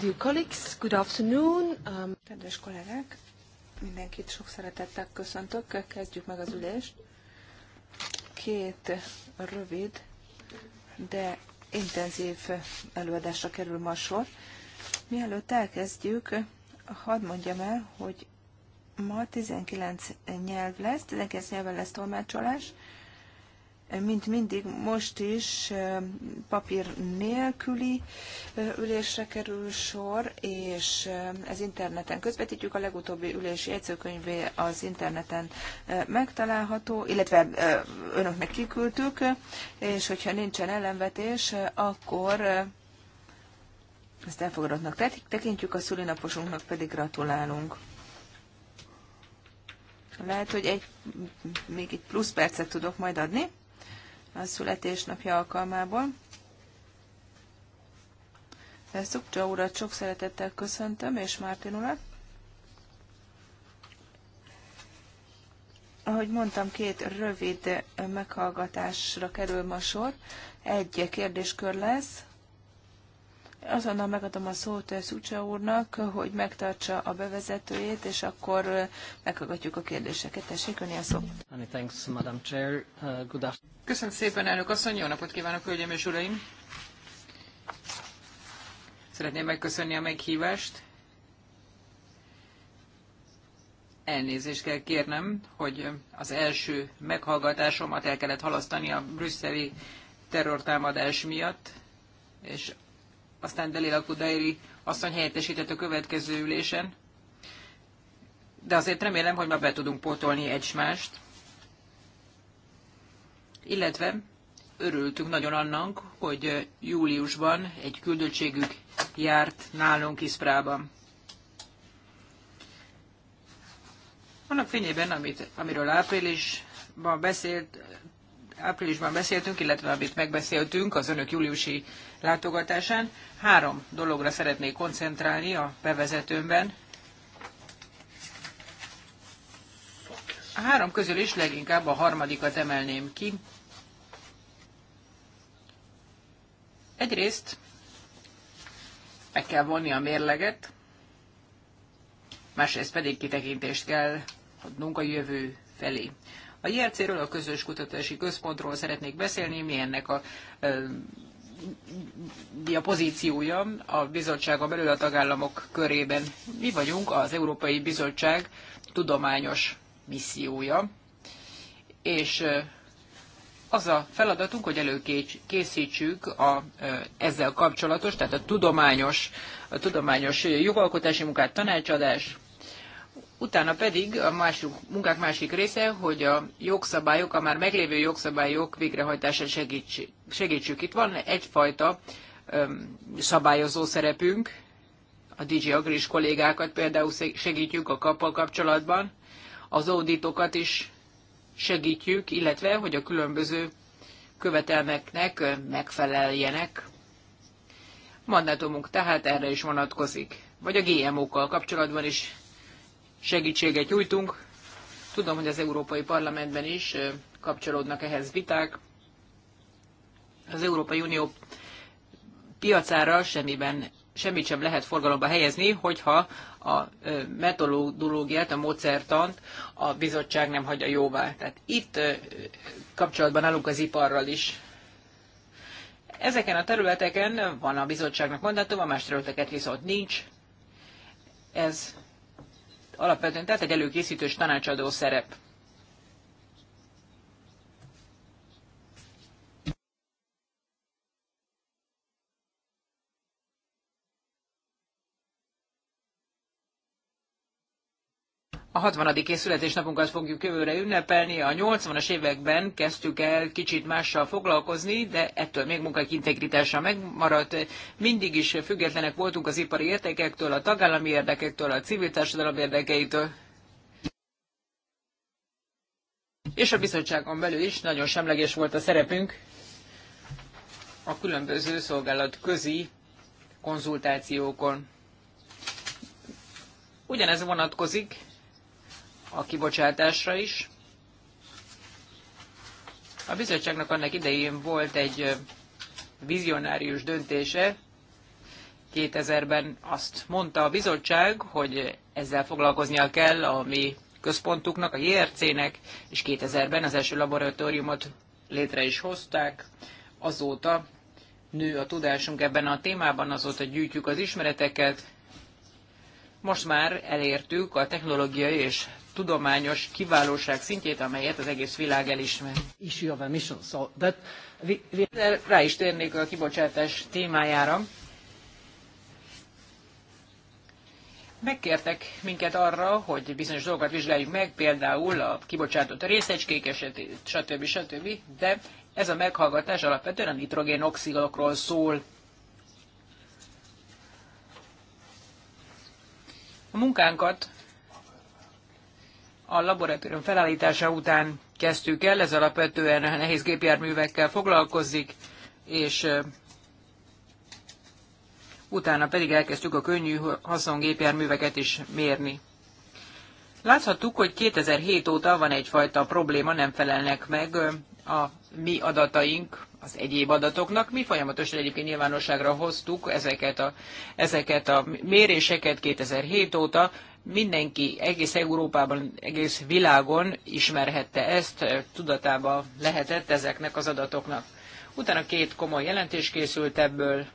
Dear colleagues, good afternoon. Um, Kedves kollégák, mindenkit sok szeretettel köszöntök. Kezdjük meg az ülést. Két rövid, de intenzív előadásra kerül ma sor. Mielőtt elkezdjük, hadd mondjam el, hogy ma 19 nyelv lesz, 19 nyelven lesz tolmácsolás, mint mindig, most is papír nélküli ülésre kerül sor, és ez interneten közvetítjük. A legutóbbi ülési jegyzőkönyvé az interneten megtalálható, illetve önöknek kiküldtük, és hogyha nincsen ellenvetés, akkor ezt elfogadottnak tekintjük, a szülinaposunknak pedig gratulálunk. Lehet, hogy egy még itt plusz percet tudok majd adni a születésnapja alkalmából. Szukcsa urat sok szeretettel köszöntöm, és Mártin urat. Ahogy mondtam, két rövid meghallgatásra kerül ma sor. Egy kérdéskör lesz, Azonnal megadom a szót eh, Szucsa úrnak, hogy megtartsa a bevezetőjét, és akkor eh, meghallgatjuk a kérdéseket. Tessék, a szó. Uh, Köszönöm szépen, elnök asszony, jó napot kívánok, hölgyeim és uraim! Szeretném megköszönni a meghívást. Elnézést kell kérnem, hogy az első meghallgatásomat el kellett halasztani a brüsszeli terrortámadás miatt, és aztán Delila Kudairi asszony helyettesített a következő ülésen. De azért remélem, hogy ma be tudunk pótolni egymást. Illetve örültünk nagyon annak, hogy júliusban egy küldöttségük járt nálunk Iszprában. Annak fényében, amit, amiről áprilisban beszélt, áprilisban beszéltünk, illetve amit megbeszéltünk az önök júliusi látogatásán. Három dologra szeretnék koncentrálni a bevezetőmben. A három közül is leginkább a harmadikat emelném ki. Egyrészt meg kell vonni a mérleget, másrészt pedig kitekintést kell adnunk a jövő felé. A JRC-ről, a Közös Kutatási Központról szeretnék beszélni, mi ennek a mi a pozíciója a bizottsága belül a tagállamok körében. Mi vagyunk az Európai Bizottság tudományos missziója, és az a feladatunk, hogy előkészítsük a, ezzel kapcsolatos, tehát a tudományos, a tudományos jogalkotási munkát, tanácsadás, Utána pedig a másik, munkák másik része, hogy a jogszabályok, a már meglévő jogszabályok végrehajtását segítsük. segítsük. Itt van egyfajta öm, szabályozó szerepünk, a DG Agris kollégákat például segítjük a kappal kapcsolatban, az auditokat is segítjük, illetve hogy a különböző követelmeknek megfeleljenek. Mandátumunk tehát erre is vonatkozik. Vagy a GMO-kkal kapcsolatban is segítséget nyújtunk. Tudom, hogy az Európai Parlamentben is kapcsolódnak ehhez viták. Az Európai Unió piacára semmiben, semmit sem lehet forgalomba helyezni, hogyha a metodológiát, a módszertant a bizottság nem hagyja jóvá. Tehát itt kapcsolatban állunk az iparral is. Ezeken a területeken van a bizottságnak a más területeket viszont nincs. Ez alapvetően tehát egy előkészítős tanácsadó szerep. a 60. születésnapunkat fogjuk jövőre ünnepelni. A 80-as években kezdtük el kicsit mással foglalkozni, de ettől még munkák integritása megmaradt. Mindig is függetlenek voltunk az ipari értékektől, a tagállami érdekektől, a civil társadalom érdekeitől. És a bizottságon belül is nagyon semleges volt a szerepünk a különböző szolgálat közi konzultációkon. Ugyanez vonatkozik a kibocsátásra is. A bizottságnak annak idején volt egy vizionárius döntése. 2000-ben azt mondta a bizottság, hogy ezzel foglalkoznia kell a mi központuknak, a JRC-nek, és 2000-ben az első laboratóriumot létre is hozták. Azóta nő a tudásunk ebben a témában, azóta gyűjtjük az ismereteket, most már elértük a technológiai és tudományos kiválóság szintjét, amelyet az egész világ elismer. Issue of emissions, so that we, we... Rá is térnék a kibocsátás témájára. Megkértek minket arra, hogy bizonyos dolgokat vizsgáljuk meg, például a kibocsátott részecskék esetét, stb. stb. De ez a meghallgatás alapvetően a nitrogén oxidokról szól. A munkánkat a laboratórium felállítása után kezdtük el, ez alapvetően nehéz gépjárművekkel foglalkozik, és utána pedig elkezdtük a könnyű haszongépjárműveket is mérni. Láthattuk, hogy 2007 óta van egyfajta probléma, nem felelnek meg a mi adataink az egyéb adatoknak. Mi folyamatosan egyébként nyilvánosságra hoztuk ezeket a, ezeket a méréseket 2007 óta. Mindenki egész Európában, egész világon ismerhette ezt, tudatába lehetett ezeknek az adatoknak. Utána két komoly jelentés készült ebből,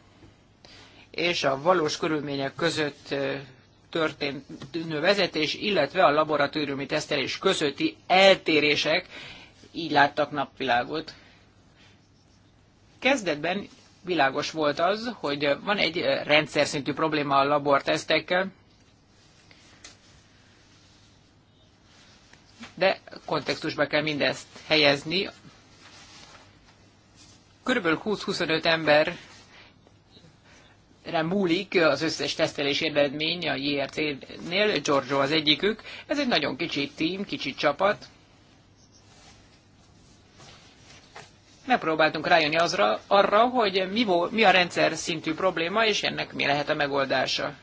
és a valós körülmények között történt vezetés, illetve a laboratóriumi tesztelés közötti eltérések így láttak napvilágot. Kezdetben világos volt az, hogy van egy rendszer szintű probléma a labortesztekkel, de kontextusba kell mindezt helyezni. Körülbelül 20-25 ember múlik az összes tesztelés eredmény a JRC-nél, Giorgio az egyikük. Ez egy nagyon kicsi tím, kicsi csapat, megpróbáltunk rájönni azra, arra, hogy mi, mi a rendszer szintű probléma, és ennek mi lehet a megoldása.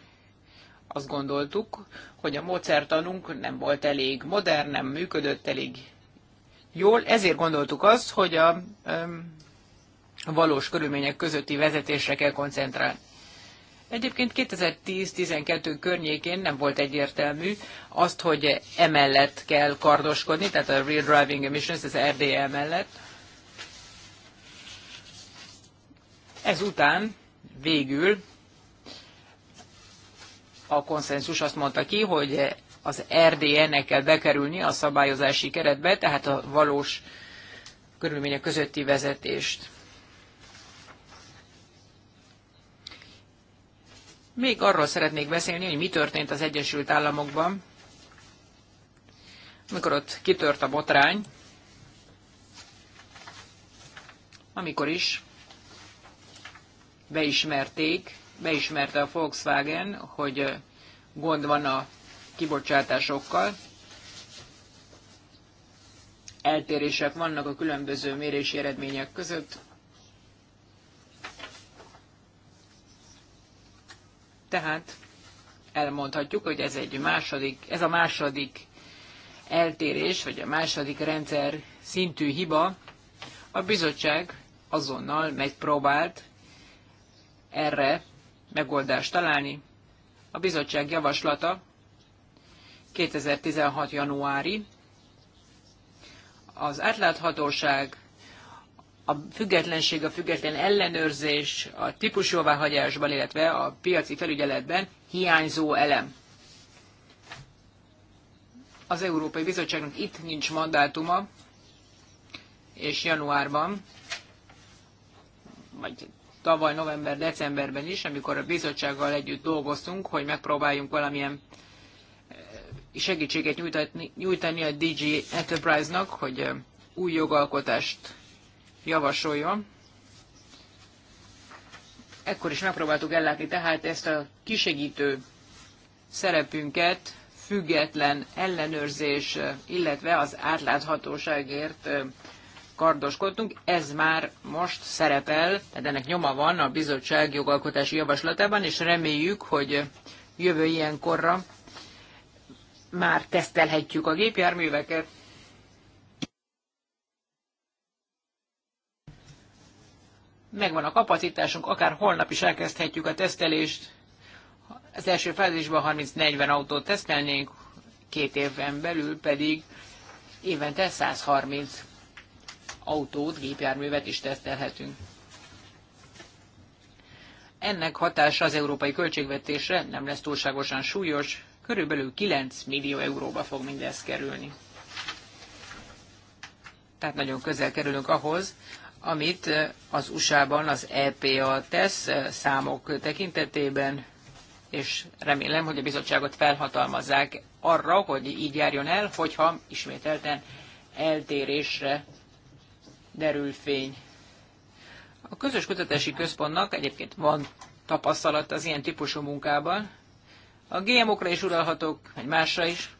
Azt gondoltuk, hogy a módszertanunk nem volt elég modern, nem működött elég jól, ezért gondoltuk azt, hogy a um, valós körülmények közötti vezetésre kell koncentrálni. Egyébként 2010-12 környékén nem volt egyértelmű azt, hogy emellett kell kardoskodni, tehát a Real Driving Emissions, az RDE mellett, Ezután végül a konszenzus azt mondta ki, hogy az RDN-nek kell bekerülni a szabályozási keretbe, tehát a valós körülmények közötti vezetést. Még arról szeretnék beszélni, hogy mi történt az Egyesült Államokban, amikor ott kitört a botrány, amikor is beismerték, beismerte a Volkswagen, hogy gond van a kibocsátásokkal, eltérések vannak a különböző mérési eredmények között. Tehát elmondhatjuk, hogy ez egy második, ez a második eltérés, vagy a második rendszer szintű hiba. A bizottság azonnal megpróbált erre megoldást találni. A bizottság javaslata 2016. januári. Az átláthatóság, a függetlenség, a független ellenőrzés, a típusjóváhagyásban, illetve a piaci felügyeletben hiányzó elem. Az Európai Bizottságnak itt nincs mandátuma, és januárban, vagy tavaly november-decemberben is, amikor a bizottsággal együtt dolgoztunk, hogy megpróbáljunk valamilyen eh, segítséget nyújtani, nyújtani a DG Enterprise-nak, hogy eh, új jogalkotást javasoljon. Ekkor is megpróbáltuk ellátni tehát ezt a kisegítő szerepünket független ellenőrzés, eh, illetve az átláthatóságért kardoskodtunk, ez már most szerepel, tehát ennek nyoma van a bizottság jogalkotási javaslatában, és reméljük, hogy jövő ilyenkorra már tesztelhetjük a gépjárműveket. Megvan a kapacitásunk, akár holnap is elkezdhetjük a tesztelést. Az első fázisban 30-40 autót tesztelnénk, két évben belül pedig évente 130 autót, gépjárművet is tesztelhetünk. Ennek hatása az európai költségvetésre nem lesz túlságosan súlyos, körülbelül 9 millió euróba fog mindez kerülni. Tehát nagyon közel kerülünk ahhoz, amit az USA-ban az EPA tesz eh, számok tekintetében, és remélem, hogy a bizottságot felhatalmazzák arra, hogy így járjon el, hogyha ismételten eltérésre derül fény. A közös kutatási központnak egyébként van tapasztalat az ilyen típusú munkában. A GMO-kra is uralhatók, egy másra is.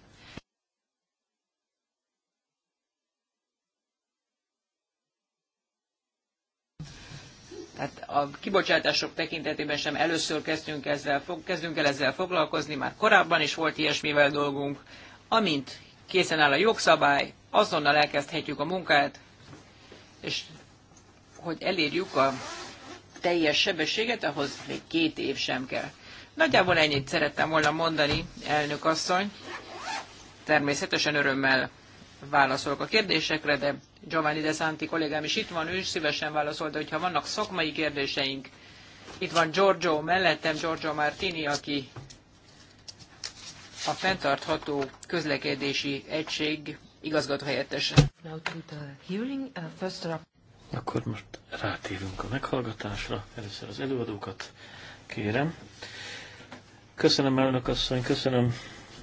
Tehát a kibocsátások tekintetében sem először kezdtünk, ezzel, kezdünk el ezzel foglalkozni, már korábban is volt ilyesmivel dolgunk. Amint készen áll a jogszabály, azonnal elkezdhetjük a munkát, és hogy elérjük a teljes sebességet, ahhoz még két év sem kell. Nagyjából ennyit szerettem volna mondani, elnök asszony. Természetesen örömmel válaszolok a kérdésekre, de Giovanni De Santi kollégám is itt van, ő is szívesen válaszol, de hogyha vannak szakmai kérdéseink, itt van Giorgio mellettem, Giorgio Martini, aki a fenntartható közlekedési egység igazgatóhelyettese. Uh, Akkor most rátérünk a meghallgatásra. Először az előadókat kérem. Köszönöm, elnök asszony, köszönöm,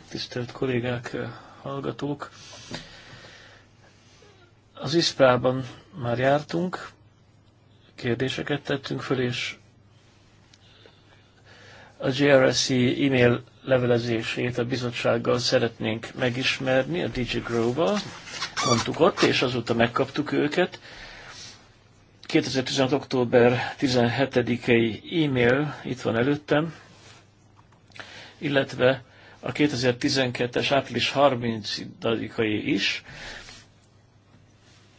tisztelt kollégák, eh, hallgatók. Az ISPRA-ban már jártunk, kérdéseket tettünk föl, és a GRSC e-mail levelezését a bizottsággal szeretnénk megismerni, a grove val Mondtuk ott, és azóta megkaptuk őket. 2016. október 17-i e-mail itt van előttem, illetve a 2012-es április 30-ai is,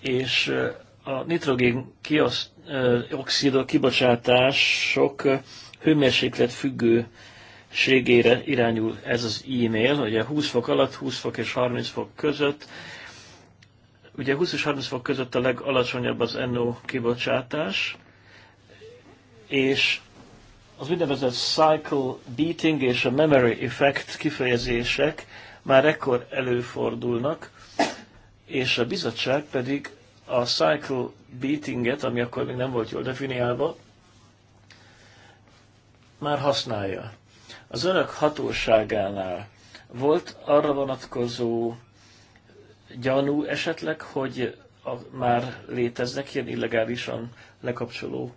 és a nitrogén kioszt, oxidok kibocsátások hőmérséklet függő ségére irányul ez az e-mail, ugye 20 fok alatt, 20 fok és 30 fok között. Ugye 20 és 30 fok között a legalacsonyabb az NO kibocsátás, és az úgynevezett cycle beating és a memory effect kifejezések már ekkor előfordulnak, és a bizottság pedig a cycle beatinget, ami akkor még nem volt jól definiálva, már használja. Az önök hatóságánál volt arra vonatkozó gyanú esetleg, hogy a, már léteznek ilyen illegálisan lekapcsoló,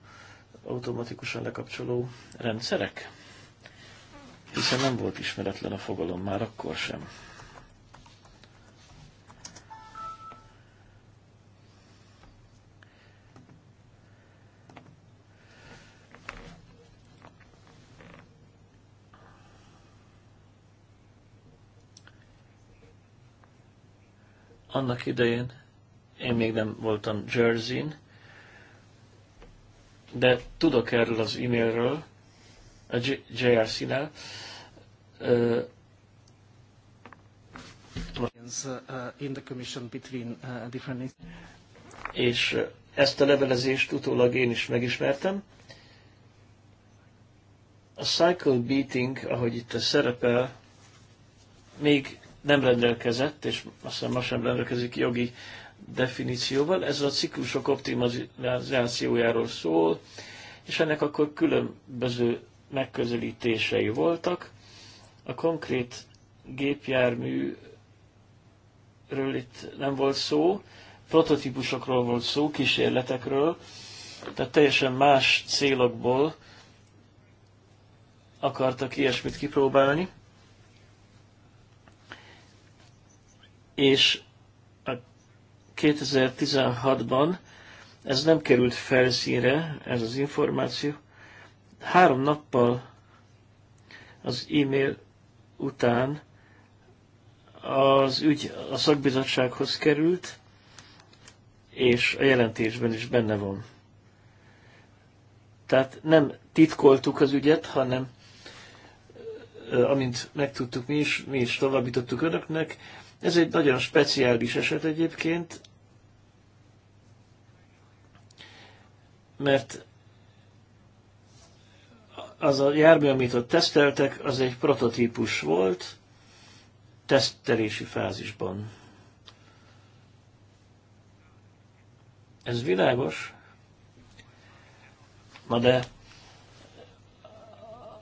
automatikusan lekapcsoló rendszerek? Hiszen nem volt ismeretlen a fogalom már akkor sem. Annak idején én még nem voltam Jerseyn, de tudok erről az e-mailről, a JRC-nál. Uh, uh, és uh, ezt a levelezést utólag én is megismertem. A cycle beating, ahogy itt szerepel, még nem rendelkezett, és hiszem ma sem rendelkezik jogi definícióval. Ez a ciklusok optimalizációjáról szól, és ennek akkor különböző megközelítései voltak. A konkrét gépjárműről itt nem volt szó, prototípusokról volt szó, kísérletekről, tehát teljesen más célokból akartak ilyesmit kipróbálni. és 2016-ban ez nem került felszínre, ez az információ. Három nappal az e-mail után az ügy a szakbizottsághoz került, és a jelentésben is benne van. Tehát nem titkoltuk az ügyet, hanem amint megtudtuk mi is, mi is továbbítottuk önöknek, ez egy nagyon speciális eset egyébként, mert az a jármű, amit ott teszteltek, az egy prototípus volt, tesztelési fázisban. Ez világos? Na de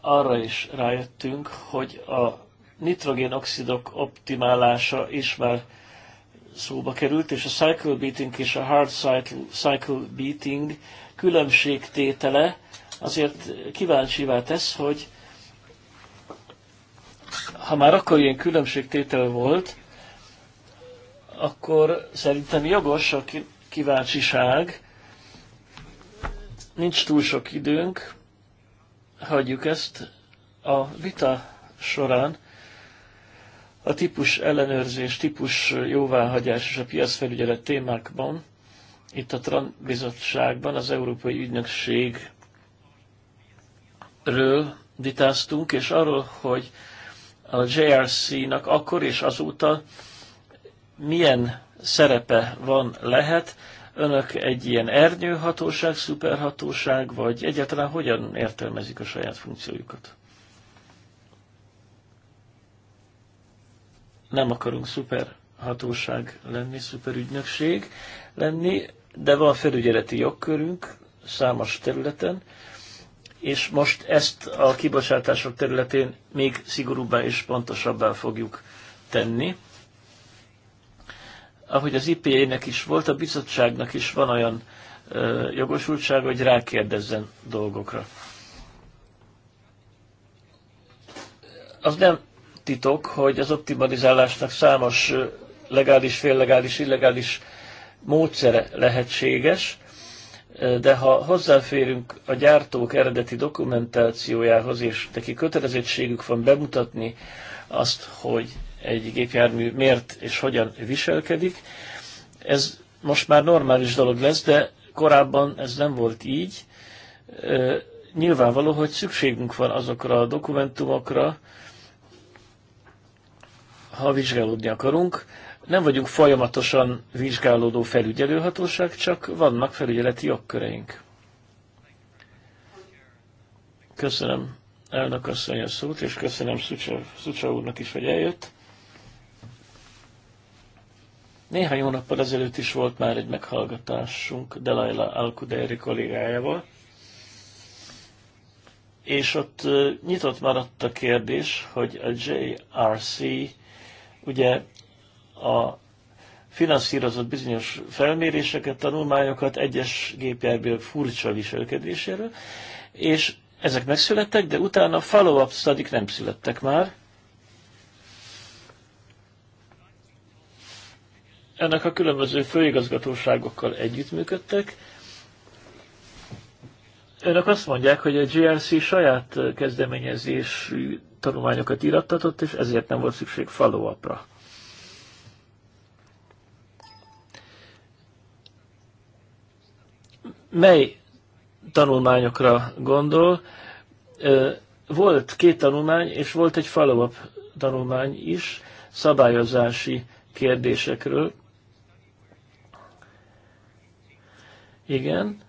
arra is rájöttünk, hogy a nitrogénoxidok optimálása is már szóba került, és a cycle beating és a hard cycle beating különbségtétele azért kíváncsivá tesz, hogy ha már akkor ilyen különbségtétel volt, akkor szerintem jogos a kíváncsiság. Nincs túl sok időnk, hagyjuk ezt a vita során a típus ellenőrzés, típus jóváhagyás és a piacfelügyelet témákban itt a Tran bizottságban az Európai Ügynökségről vitáztunk, és arról, hogy a JRC-nak akkor és azóta milyen szerepe van, lehet, önök egy ilyen ernyőhatóság, szuperhatóság, vagy egyáltalán hogyan értelmezik a saját funkciójukat? nem akarunk szuper hatóság lenni, szuper ügynökség lenni, de van felügyeleti jogkörünk számos területen, és most ezt a kibocsátások területén még szigorúbbá és pontosabbá fogjuk tenni. Ahogy az IPA-nek is volt, a bizottságnak is van olyan ö, jogosultság, hogy rákérdezzen dolgokra. Az nem titok, hogy az optimalizálásnak számos legális, féllegális, illegális módszere lehetséges, de ha hozzáférünk a gyártók eredeti dokumentációjához, és neki kötelezettségük van bemutatni azt, hogy egy gépjármű miért és hogyan viselkedik, ez most már normális dolog lesz, de korábban ez nem volt így. Nyilvánvaló, hogy szükségünk van azokra a dokumentumokra, ha vizsgálódni akarunk. Nem vagyunk folyamatosan vizsgálódó felügyelőhatóság, csak vannak felügyeleti jogköreink. Köszönöm elnök asszony a szót, és köszönöm Szucsa, úrnak is, hogy eljött. Néhány hónappal ezelőtt is volt már egy meghallgatásunk Delaila Alkuderi kollégájával, és ott nyitott maradt a kérdés, hogy a JRC Ugye a finanszírozott bizonyos felméréseket, tanulmányokat egyes gépjárművek furcsa viselkedéséről, és ezek megszülettek, de utána follow-up studik nem születtek már. Ennek a különböző főigazgatóságokkal együttműködtek, Önök azt mondják, hogy a GRC saját kezdeményezésű tanulmányokat irattatott, és ezért nem volt szükség follow -ra. Mely tanulmányokra gondol? Volt két tanulmány, és volt egy follow-up tanulmány is szabályozási kérdésekről. Igen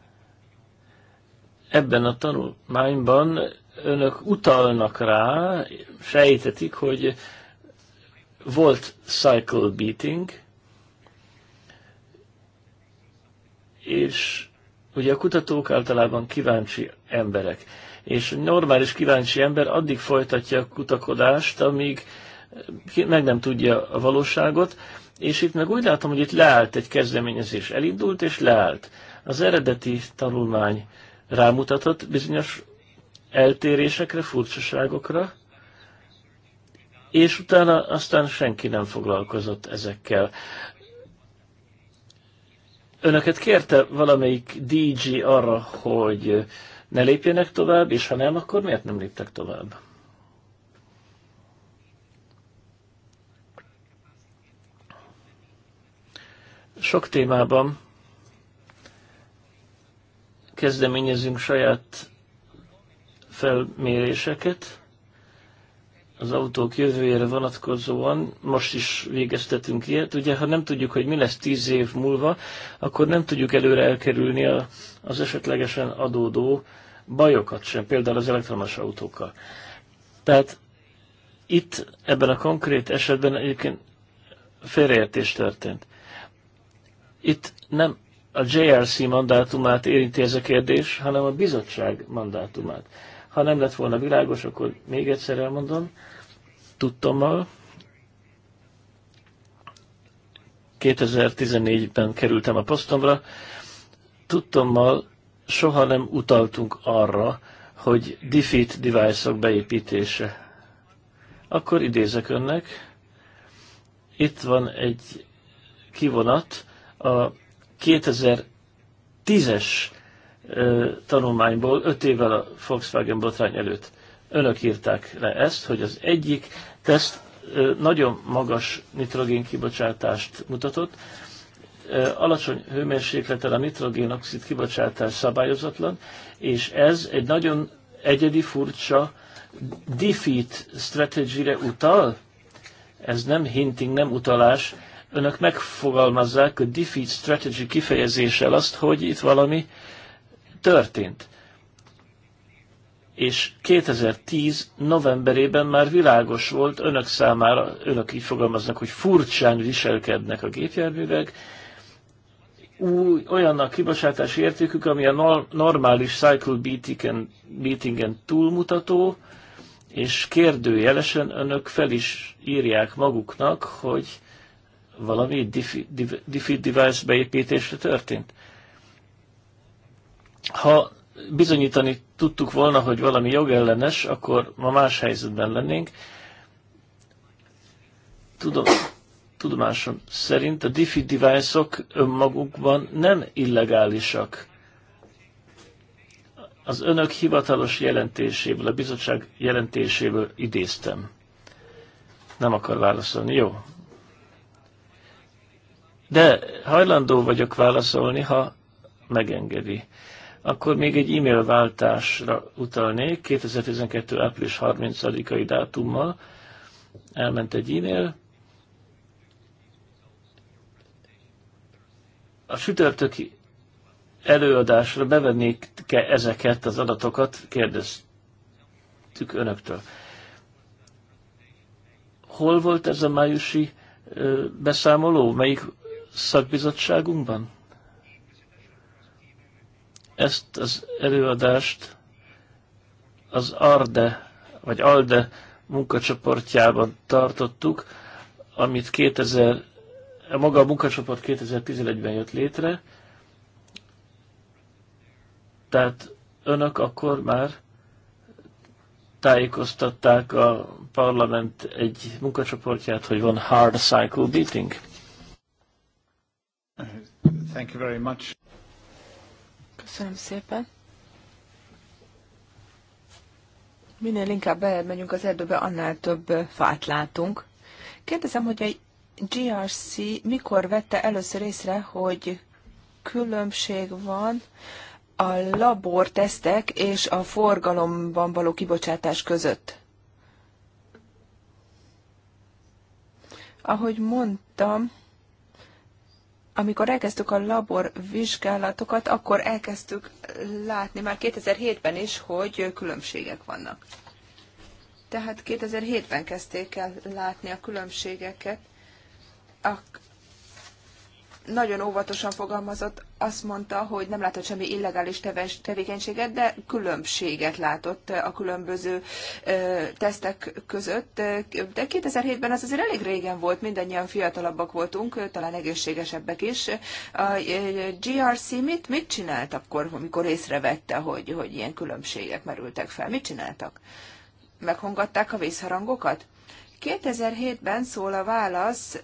ebben a tanulmányban önök utalnak rá, sejtetik, hogy volt cycle beating, és ugye a kutatók általában kíváncsi emberek. És normális kíváncsi ember addig folytatja a kutakodást, amíg meg nem tudja a valóságot, és itt meg úgy látom, hogy itt leállt egy kezdeményezés, elindult és leállt. Az eredeti tanulmány rámutatott bizonyos eltérésekre, furcsaságokra, és utána aztán senki nem foglalkozott ezekkel. Önöket kérte valamelyik DJ arra, hogy ne lépjenek tovább, és ha nem, akkor miért nem léptek tovább? Sok témában kezdeményezünk saját felméréseket az autók jövőjére vonatkozóan. Most is végeztetünk ilyet. Ugye, ha nem tudjuk, hogy mi lesz tíz év múlva, akkor nem tudjuk előre elkerülni a, az esetlegesen adódó bajokat sem, például az elektromos autókkal. Tehát itt ebben a konkrét esetben egyébként félreértés történt. Itt nem a JRC mandátumát érinti ez a kérdés, hanem a bizottság mandátumát. Ha nem lett volna világos, akkor még egyszer elmondom, tudtommal, 2014-ben kerültem a posztomra, tudtommal soha nem utaltunk arra, hogy defeat device-ok beépítése. Akkor idézek önnek, itt van egy kivonat a 2010-es tanulmányból, 5 évvel a Volkswagen botrány előtt. Önök írták le ezt, hogy az egyik teszt nagyon magas nitrogén kibocsátást mutatott, alacsony hőmérsékleten a nitrogénoxid kibocsátás szabályozatlan, és ez egy nagyon egyedi furcsa defeat strategy utal, ez nem hinting, nem utalás, önök megfogalmazzák a defeat strategy kifejezéssel azt, hogy itt valami történt. És 2010 novemberében már világos volt önök számára, önök így fogalmaznak, hogy furcsán viselkednek a gépjárművek, új, olyan a kibocsátási értékük, ami a normális cycle beatingen, beatingen túlmutató, és kérdőjelesen önök fel is írják maguknak, hogy valami diffi, diffi device beépítésre történt? Ha bizonyítani tudtuk volna, hogy valami jogellenes, akkor ma más helyzetben lennénk. Tudom, tudomásom szerint a diffi device -ok önmagukban nem illegálisak. Az önök hivatalos jelentéséből, a bizottság jelentéséből idéztem. Nem akar válaszolni. Jó, de hajlandó vagyok válaszolni, ha megengedi. Akkor még egy e-mail váltásra utalnék 2012. április 30-ai dátummal. Elment egy e-mail. A sütörtöki előadásra bevennék-e ezeket az adatokat, kérdeztük önöktől. Hol volt ez a májusi beszámoló? Melyik szakbizottságunkban? Ezt az előadást az ARDE, vagy ALDE munkacsoportjában tartottuk, amit 2000, maga a munkacsoport 2011-ben jött létre, tehát önök akkor már tájékoztatták a parlament egy munkacsoportját, hogy van hard cycle beating? Thank you very much. Köszönöm szépen. Minél inkább belemegyünk az erdőbe, annál több fát látunk. Kérdezem, hogy egy GRC mikor vette először észre, hogy különbség van a labortesztek és a forgalomban való kibocsátás között? Ahogy mondtam, amikor elkezdtük a labor vizsgálatokat, akkor elkezdtük látni már 2007-ben is, hogy különbségek vannak. Tehát 2007-ben kezdték el látni a különbségeket. A nagyon óvatosan fogalmazott, azt mondta, hogy nem látott semmi illegális tevékenységet, de különbséget látott a különböző tesztek között. De 2007-ben ez azért elég régen volt, mindannyian fiatalabbak voltunk, talán egészségesebbek is. A GRC mit, mit csinált akkor, amikor észrevette, hogy, hogy ilyen különbségek merültek fel? Mit csináltak? Meghongatták a vészharangokat? 2007-ben szól a válasz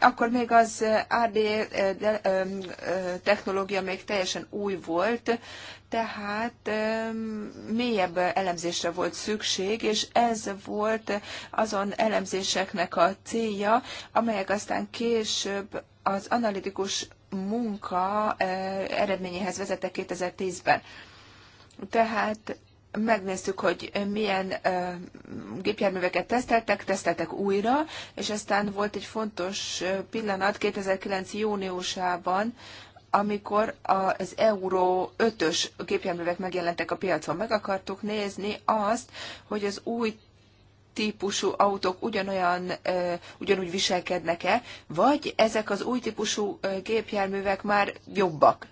akkor még az AD technológia még teljesen új volt, tehát mélyebb elemzésre volt szükség, és ez volt azon elemzéseknek a célja, amelyek aztán később az analitikus munka eredményéhez vezettek 2010-ben. Tehát megnéztük, hogy milyen gépjárműveket teszteltek, teszteltek újra, és aztán volt egy fontos pillanat 2009. júniusában, amikor az Euró 5-ös gépjárművek megjelentek a piacon. Meg akartuk nézni azt, hogy az új típusú autók ugyanolyan, ugyanúgy viselkednek-e, vagy ezek az új típusú gépjárművek már jobbak,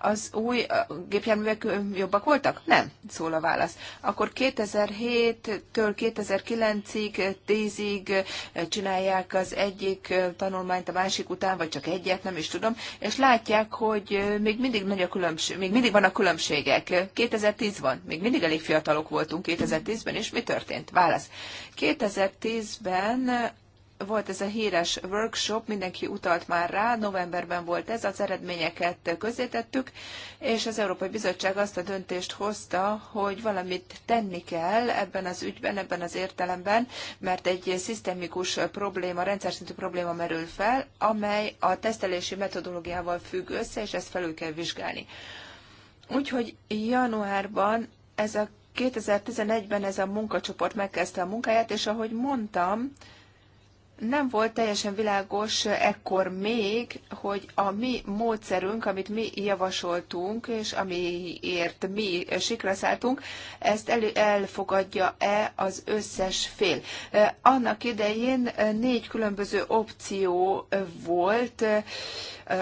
az új gépjárművek jobbak voltak? Nem, szól a válasz. Akkor 2007-től 2009-ig, 10-ig csinálják az egyik tanulmányt a másik után, vagy csak egyet, nem is tudom, és látják, hogy még mindig nagy a különbség, még mindig van a különbségek. 2010 van, még mindig elég fiatalok voltunk 2010-ben, és mi történt? Válasz. 2010-ben volt ez a híres workshop, mindenki utalt már rá, novemberben volt ez, az eredményeket közzétettük, és az Európai Bizottság azt a döntést hozta, hogy valamit tenni kell ebben az ügyben, ebben az értelemben, mert egy szisztemikus probléma, rendszer szintű probléma merül fel, amely a tesztelési metodológiával függ össze, és ezt felül kell vizsgálni. Úgyhogy januárban ez a 2011-ben ez a munkacsoport megkezdte a munkáját, és ahogy mondtam, nem volt teljesen világos ekkor még, hogy a mi módszerünk, amit mi javasoltunk, és amiért mi sikra szálltunk, ezt elő elfogadja-e az összes fél. Annak idején négy különböző opció volt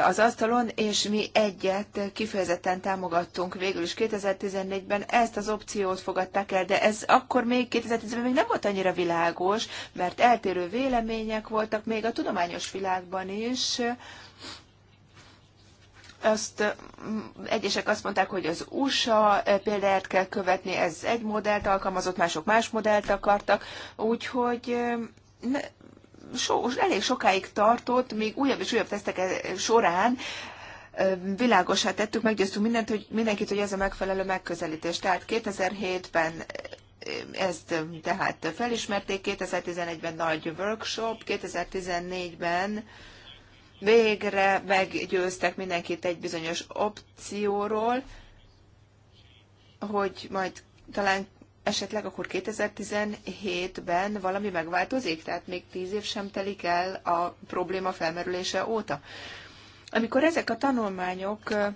az asztalon, és mi egyet kifejezetten támogattunk végül is 2014-ben. Ezt az opciót fogadták el, de ez akkor még 2010-ben még nem volt annyira világos, mert eltérő vélemény események voltak, még a tudományos világban is. Azt mm, egyesek azt mondták, hogy az USA eh, példáját kell követni, ez egy modellt alkalmazott, mások más modellt akartak, úgyhogy eh, ne, so, elég sokáig tartott, még újabb és újabb tesztek eh, során világosá tettük, meggyőztünk mindent, hogy mindenkit, hogy ez a megfelelő megközelítés. Tehát 2007-ben ezt tehát felismerték 2011-ben nagy workshop, 2014-ben végre meggyőztek mindenkit egy bizonyos opcióról, hogy majd talán esetleg akkor 2017-ben valami megváltozik, tehát még tíz év sem telik el a probléma felmerülése óta. Amikor ezek a tanulmányok eh,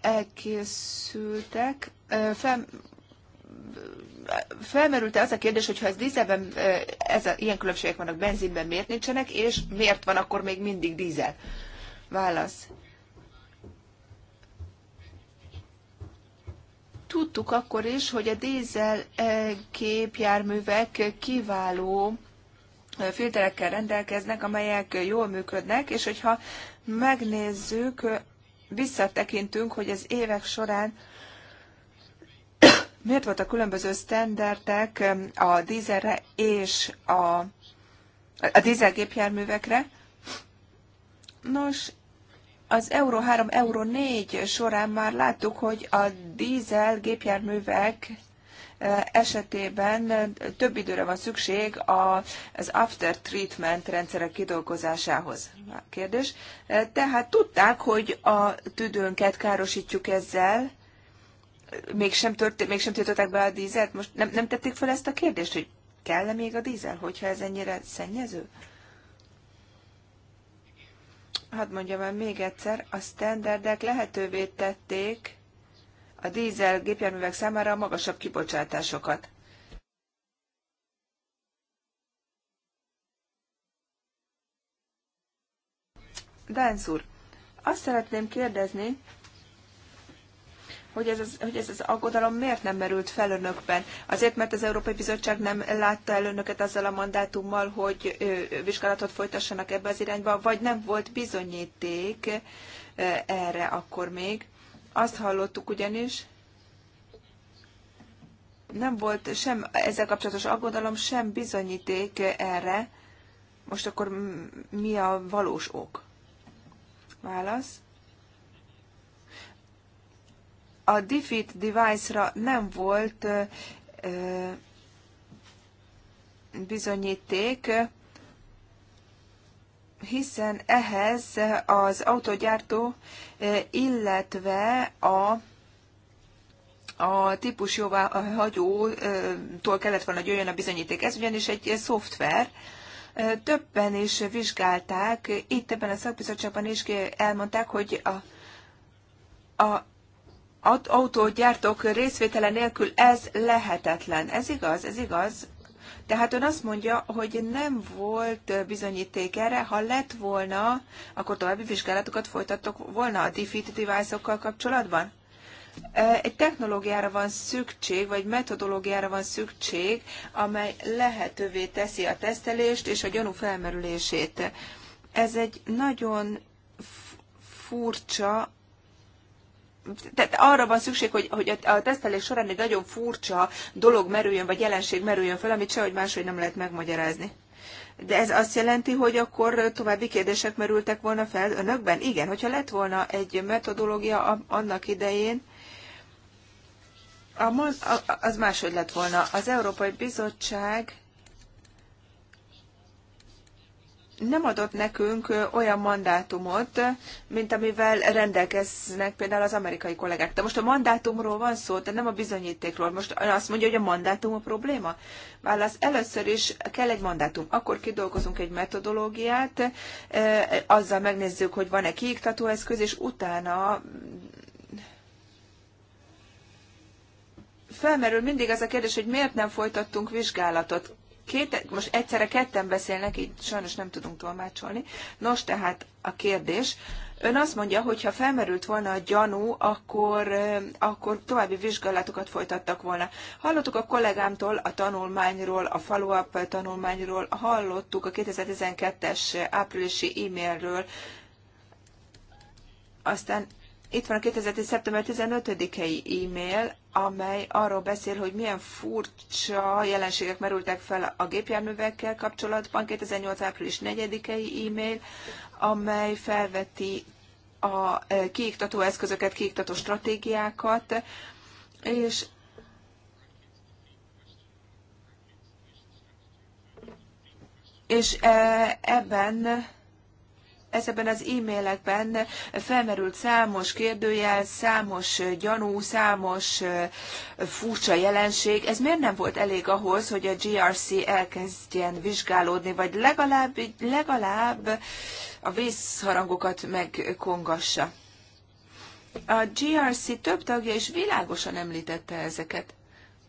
elkészültek, eh, fel, felmerült-e az a kérdés, hogy ha ez dízelben, ez a, ilyen különbségek vannak benzinben, miért nincsenek, és miért van akkor még mindig dízel? Válasz. Tudtuk akkor is, hogy a dízel képjárművek kiváló filterekkel rendelkeznek, amelyek jól működnek, és hogyha megnézzük, visszatekintünk, hogy az évek során Miért voltak különböző sztenderdek a dízelre és a, a dízelgépjárművekre? Nos, az Euro 3, Euro 4 során már láttuk, hogy a dízel gépjárművek e, esetében e, több időre van szükség az after treatment rendszerek kidolgozásához. Kérdés. E, tehát tudták, hogy a tüdőnket károsítjuk ezzel, mégsem, történt, mégsem tiltották be a dízelt? Most nem, nem tették fel ezt a kérdést, hogy kell-e még a dízel, hogyha ez ennyire szennyező? Hadd mondjam el még egyszer, a standardek lehetővé tették a dízel gépjárművek számára a magasabb kibocsátásokat. Dánc úr, azt szeretném kérdezni, hogy ez, az, hogy ez az aggodalom miért nem merült fel önökben. Azért, mert az Európai Bizottság nem látta el önöket azzal a mandátummal, hogy vizsgálatot folytassanak ebbe az irányba, vagy nem volt bizonyíték erre akkor még. Azt hallottuk ugyanis, nem volt sem ezzel kapcsolatos aggodalom, sem bizonyíték erre. Most akkor mi a valós ok? Válasz a defeat device-ra nem volt bizonyíték, hiszen ehhez az autogyártó, illetve a a típus jóvá hagyótól kellett volna, hogy jöjjön a bizonyíték. Ez ugyanis egy szoftver, többen is vizsgálták, itt ebben a szakbizottságban is elmondták, hogy a, a autógyártók részvétele nélkül ez lehetetlen. Ez igaz, ez igaz. Tehát ön azt mondja, hogy nem volt bizonyíték erre, ha lett volna, akkor további vizsgálatokat folytattok volna a defeat device kapcsolatban? Egy technológiára van szükség, vagy metodológiára van szükség, amely lehetővé teszi a tesztelést és a gyanú felmerülését. Ez egy nagyon furcsa tehát arra van szükség, hogy, hogy a tesztelés során egy nagyon furcsa dolog merüljön, vagy jelenség merüljön fel, amit sehogy máshogy nem lehet megmagyarázni. De ez azt jelenti, hogy akkor további kérdések merültek volna fel önökben? Igen, hogyha lett volna egy metodológia annak idején, az máshogy lett volna. Az Európai Bizottság nem adott nekünk olyan mandátumot, mint amivel rendelkeznek például az amerikai kollégák. De most a mandátumról van szó, de nem a bizonyítékról. Most azt mondja, hogy a mandátum a probléma? Válasz, először is kell egy mandátum. Akkor kidolgozunk egy metodológiát, azzal megnézzük, hogy van-e kiiktató eszköz, és utána felmerül mindig az a kérdés, hogy miért nem folytattunk vizsgálatot két, most egyszerre ketten beszélnek, így sajnos nem tudunk tolmácsolni. Nos, tehát a kérdés. Ön azt mondja, hogy ha felmerült volna a gyanú, akkor, eh, akkor további vizsgálatokat folytattak volna. Hallottuk a kollégámtól a tanulmányról, a follow-up tanulmányról, hallottuk a 2012-es áprilisi e-mailről, aztán itt van a 2010. szeptember 15-i e-mail, amely arról beszél, hogy milyen furcsa jelenségek merültek fel a gépjárművekkel kapcsolatban. 2008. április 4-i e-mail, amely felveti a e, kiiktató eszközöket, kiiktató stratégiákat, és és e, ebben ezekben az e-mailekben felmerült számos kérdőjel, számos gyanú, számos furcsa jelenség. Ez miért nem volt elég ahhoz, hogy a GRC elkezdjen vizsgálódni, vagy legalább, legalább a vészharangokat megkongassa? A GRC több tagja is világosan említette ezeket.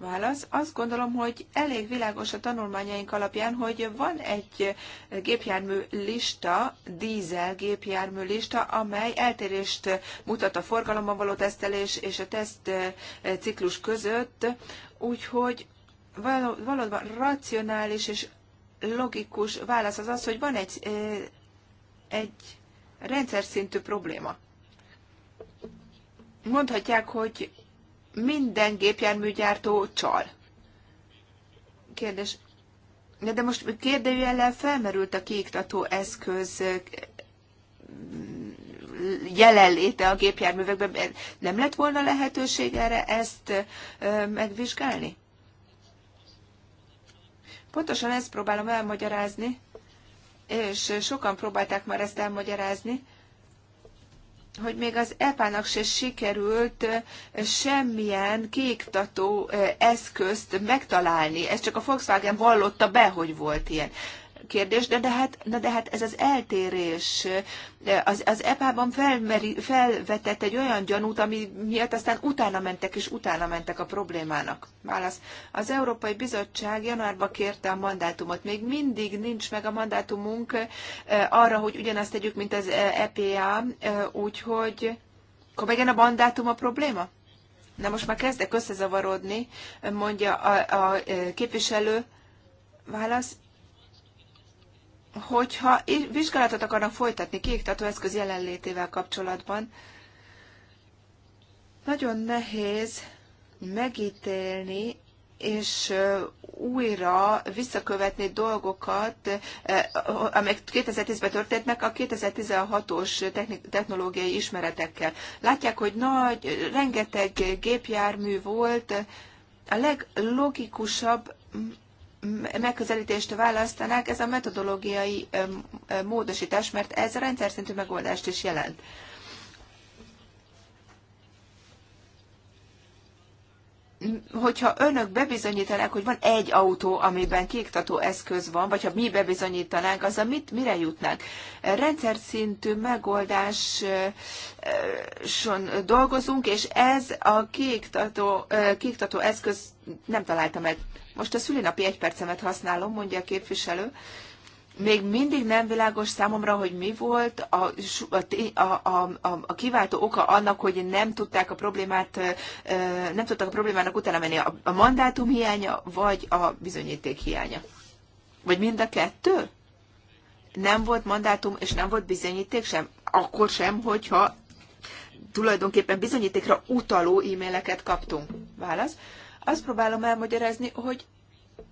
Válasz. Azt gondolom, hogy elég világos a tanulmányaink alapján, hogy van egy gépjármű lista, dízel gépjármű lista, amely eltérést mutat a forgalomban való tesztelés és a teszt eh, ciklus között, úgyhogy valóban racionális és logikus válasz az az, hogy van egy, eh, egy rendszer szintű probléma. Mondhatják, hogy minden gépjárműgyártó csal. Kérdés. De most kérdőjellel felmerült a kiiktató eszköz mm, jelenléte a gépjárművekben. Nem lett volna lehetőség erre ezt megvizsgálni? Pontosan ezt próbálom elmagyarázni, és sokan próbálták már ezt elmagyarázni, hogy még az EPA-nak se sikerült semmilyen kiiktató eszközt megtalálni. Ez csak a Volkswagen vallotta be, hogy volt ilyen kérdés, de, de, hát, na de hát ez az eltérés az, az EPA-ban felmeri, felvetett egy olyan gyanút, ami miatt aztán utána mentek és utána mentek a problémának. Válasz. Az Európai Bizottság januárban kérte a mandátumot. Még mindig nincs meg a mandátumunk eh, arra, hogy ugyanazt tegyük, mint az EPA, eh, e eh, úgyhogy akkor megint a mandátum a probléma? Na most már kezdek összezavarodni, mondja a, a képviselő. Válasz, hogyha vizsgálatot akarnak folytatni eszköz jelenlétével kapcsolatban, nagyon nehéz megítélni és újra visszakövetni dolgokat, amelyek 2010-ben történtnek a 2016-os technológiai ismeretekkel. Látják, hogy nagy, rengeteg gépjármű volt, a leglogikusabb megközelítést választanák, ez a metodológiai módosítás, mert ez a rendszer szintű megoldást is jelent. hogyha önök bebizonyítanák, hogy van egy autó, amiben kiiktató eszköz van, vagy ha mi bebizonyítanánk, az a mit, mire jutnánk? Rendszer szintű megoldáson dolgozunk, és ez a kiiktató, kiiktató eszköz nem találta meg. Most a szülinapi egy percemet használom, mondja a képviselő. Még mindig nem világos számomra, hogy mi volt a, a, a, a, a kiváltó oka annak, hogy nem tudták a problémát, nem tudtak a problémának utána menni. A, a mandátum hiánya, vagy a bizonyíték hiánya? Vagy mind a kettő? Nem volt mandátum, és nem volt bizonyíték sem? Akkor sem, hogyha tulajdonképpen bizonyítékra utaló e-maileket kaptunk. Válasz. Azt próbálom elmagyarázni, hogy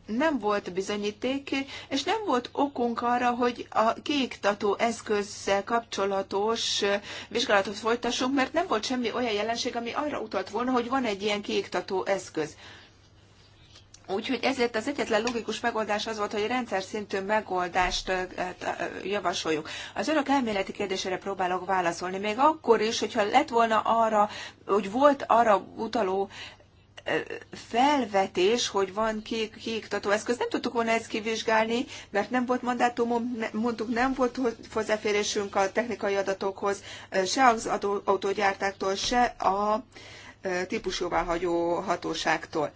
nem volt bizonyíték, és nem volt okunk arra, hogy a kiiktató eszközzel kapcsolatos vizsgálatot folytassunk, mert nem volt semmi olyan jelenség, ami arra utalt volna, hogy van egy ilyen kiiktató eszköz. Úgyhogy ezért az egyetlen logikus megoldás az volt, hogy rendszer szintű megoldást javasoljuk. Az örök elméleti kérdésére próbálok válaszolni, még akkor is, hogyha lett volna arra, hogy volt arra utaló felvetés, hogy van kék, kiiktató eszköz, nem tudtuk volna ezt kivizsgálni, mert nem volt mandátum, mondtuk, nem volt hozzáférésünk a technikai adatokhoz, se az autógyártáktól, se a típusjóváhagyó hatóságtól.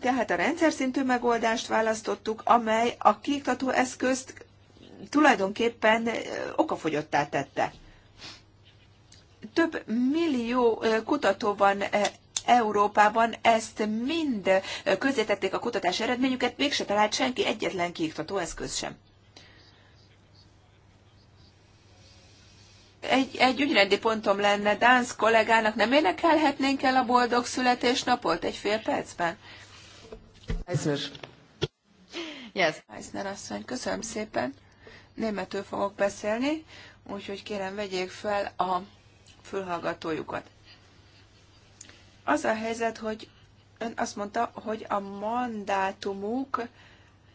Tehát a rendszer szintű megoldást választottuk, amely a kiiktató eszközt tulajdonképpen okafogyottá tette több millió kutató van Európában ezt mind közzétették a kutatás eredményüket, mégse talált senki egyetlen kiiktató eszköz sem. egy, egy ügyrendi pontom lenne Dánsz kollégának, nem énekelhetnénk el a boldog születésnapot egy fél percben? Eisner. Yes. Eisner asszony, köszönöm szépen. Németül fogok beszélni, úgyhogy kérem vegyék fel a fülhallgatójukat. Az a helyzet, hogy ön azt mondta, hogy a mandátumuk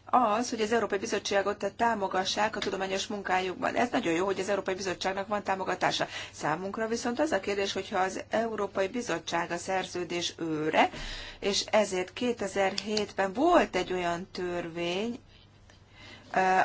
az, hogy az Európai Bizottságot támogassák a tudományos munkájukban. Ez nagyon jó, hogy az Európai Bizottságnak van támogatása. Számunkra viszont az a kérdés, hogyha az Európai Bizottság a szerződés őre, és ezért 2007-ben volt egy olyan törvény,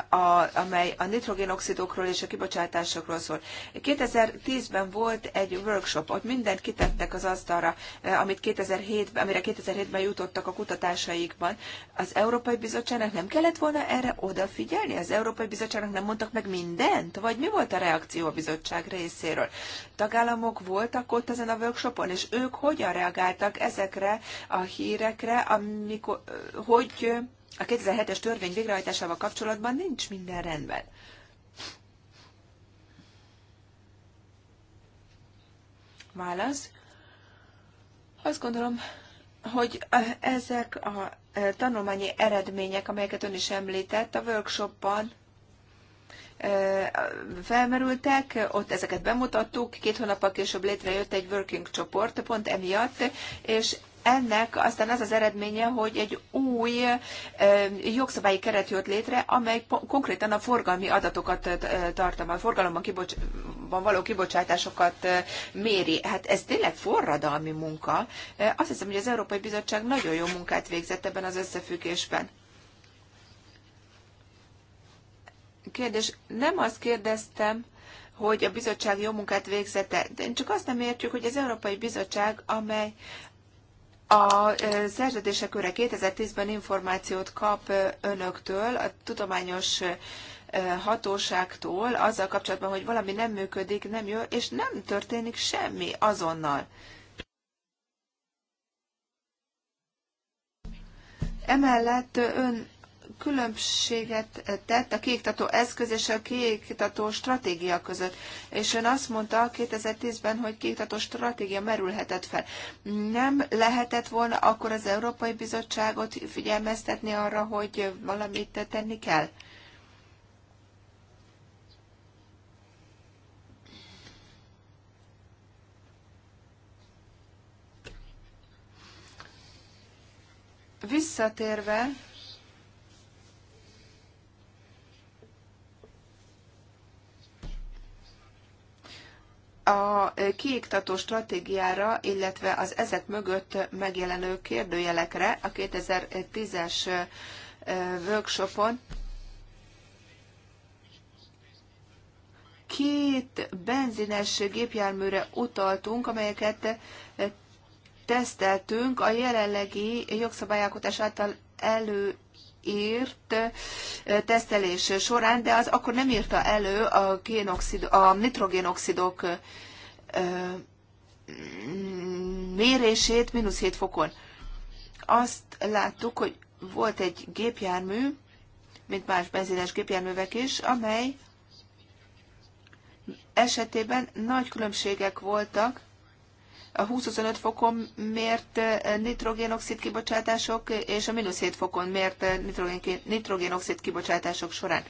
a, amely a nitrogénoxidokról és a kibocsátásokról szól. 2010-ben volt egy workshop, ott mindent kitettek az asztalra, amit 2007 amire 2007-ben jutottak a kutatásaikban. Az Európai Bizottságnak nem kellett volna erre odafigyelni? Az Európai Bizottságnak nem mondtak meg mindent? Vagy mi volt a reakció a bizottság részéről? Tagállamok voltak ott ezen a workshopon, és ők hogyan reagáltak ezekre a hírekre, amikor, hogy a 2007-es törvény végrehajtásával kapcsolatban nincs minden rendben. Válasz. Azt gondolom, hogy ezek a e, tanulmányi eredmények, amelyeket ön is említett, a workshopban e, felmerültek, ott ezeket bemutattuk, két hónappal később létrejött egy working csoport pont emiatt, és ennek aztán az az eredménye, hogy egy új jogszabályi keret jött létre, amely konkrétan a forgalmi adatokat tartalmaz, forgalomban kibocs- való kibocsátásokat méri. Hát ez tényleg forradalmi munka. Azt hiszem, hogy az Európai Bizottság nagyon jó munkát végzett ebben az összefüggésben. Kérdés, nem azt kérdeztem, hogy a bizottság jó munkát végzette. De csak azt nem értjük, hogy az Európai Bizottság, amely a szerződések őre 2010-ben információt kap önöktől, a tudományos hatóságtól azzal kapcsolatban, hogy valami nem működik, nem jön, és nem történik semmi azonnal. Emellett ön különbséget tett a kiiktató eszköz és a kiiktató stratégia között. És ön azt mondta 2010-ben, hogy kiiktató stratégia merülhetett fel. Nem lehetett volna akkor az Európai Bizottságot figyelmeztetni arra, hogy valamit tenni kell? Visszatérve a kiiktató stratégiára, illetve az ezek mögött megjelenő kérdőjelekre a 2010-es workshopon két benzines gépjárműre utaltunk, amelyeket teszteltünk a jelenlegi jogszabályalkotás által elő írt eh, tesztelés során, de az akkor nem írta elő a, génoxid, a nitrogénoxidok eh, mm, mérését mínusz 7 fokon. Azt láttuk, hogy volt egy gépjármű, mint más benzines gépjárművek is, amely esetében nagy különbségek voltak a 20-25 fokon mért eh, nitrogénoxid kibocsátások és a mínusz 7 fokon mért eh, nitrogén, nitrogénoxid kibocsátások során.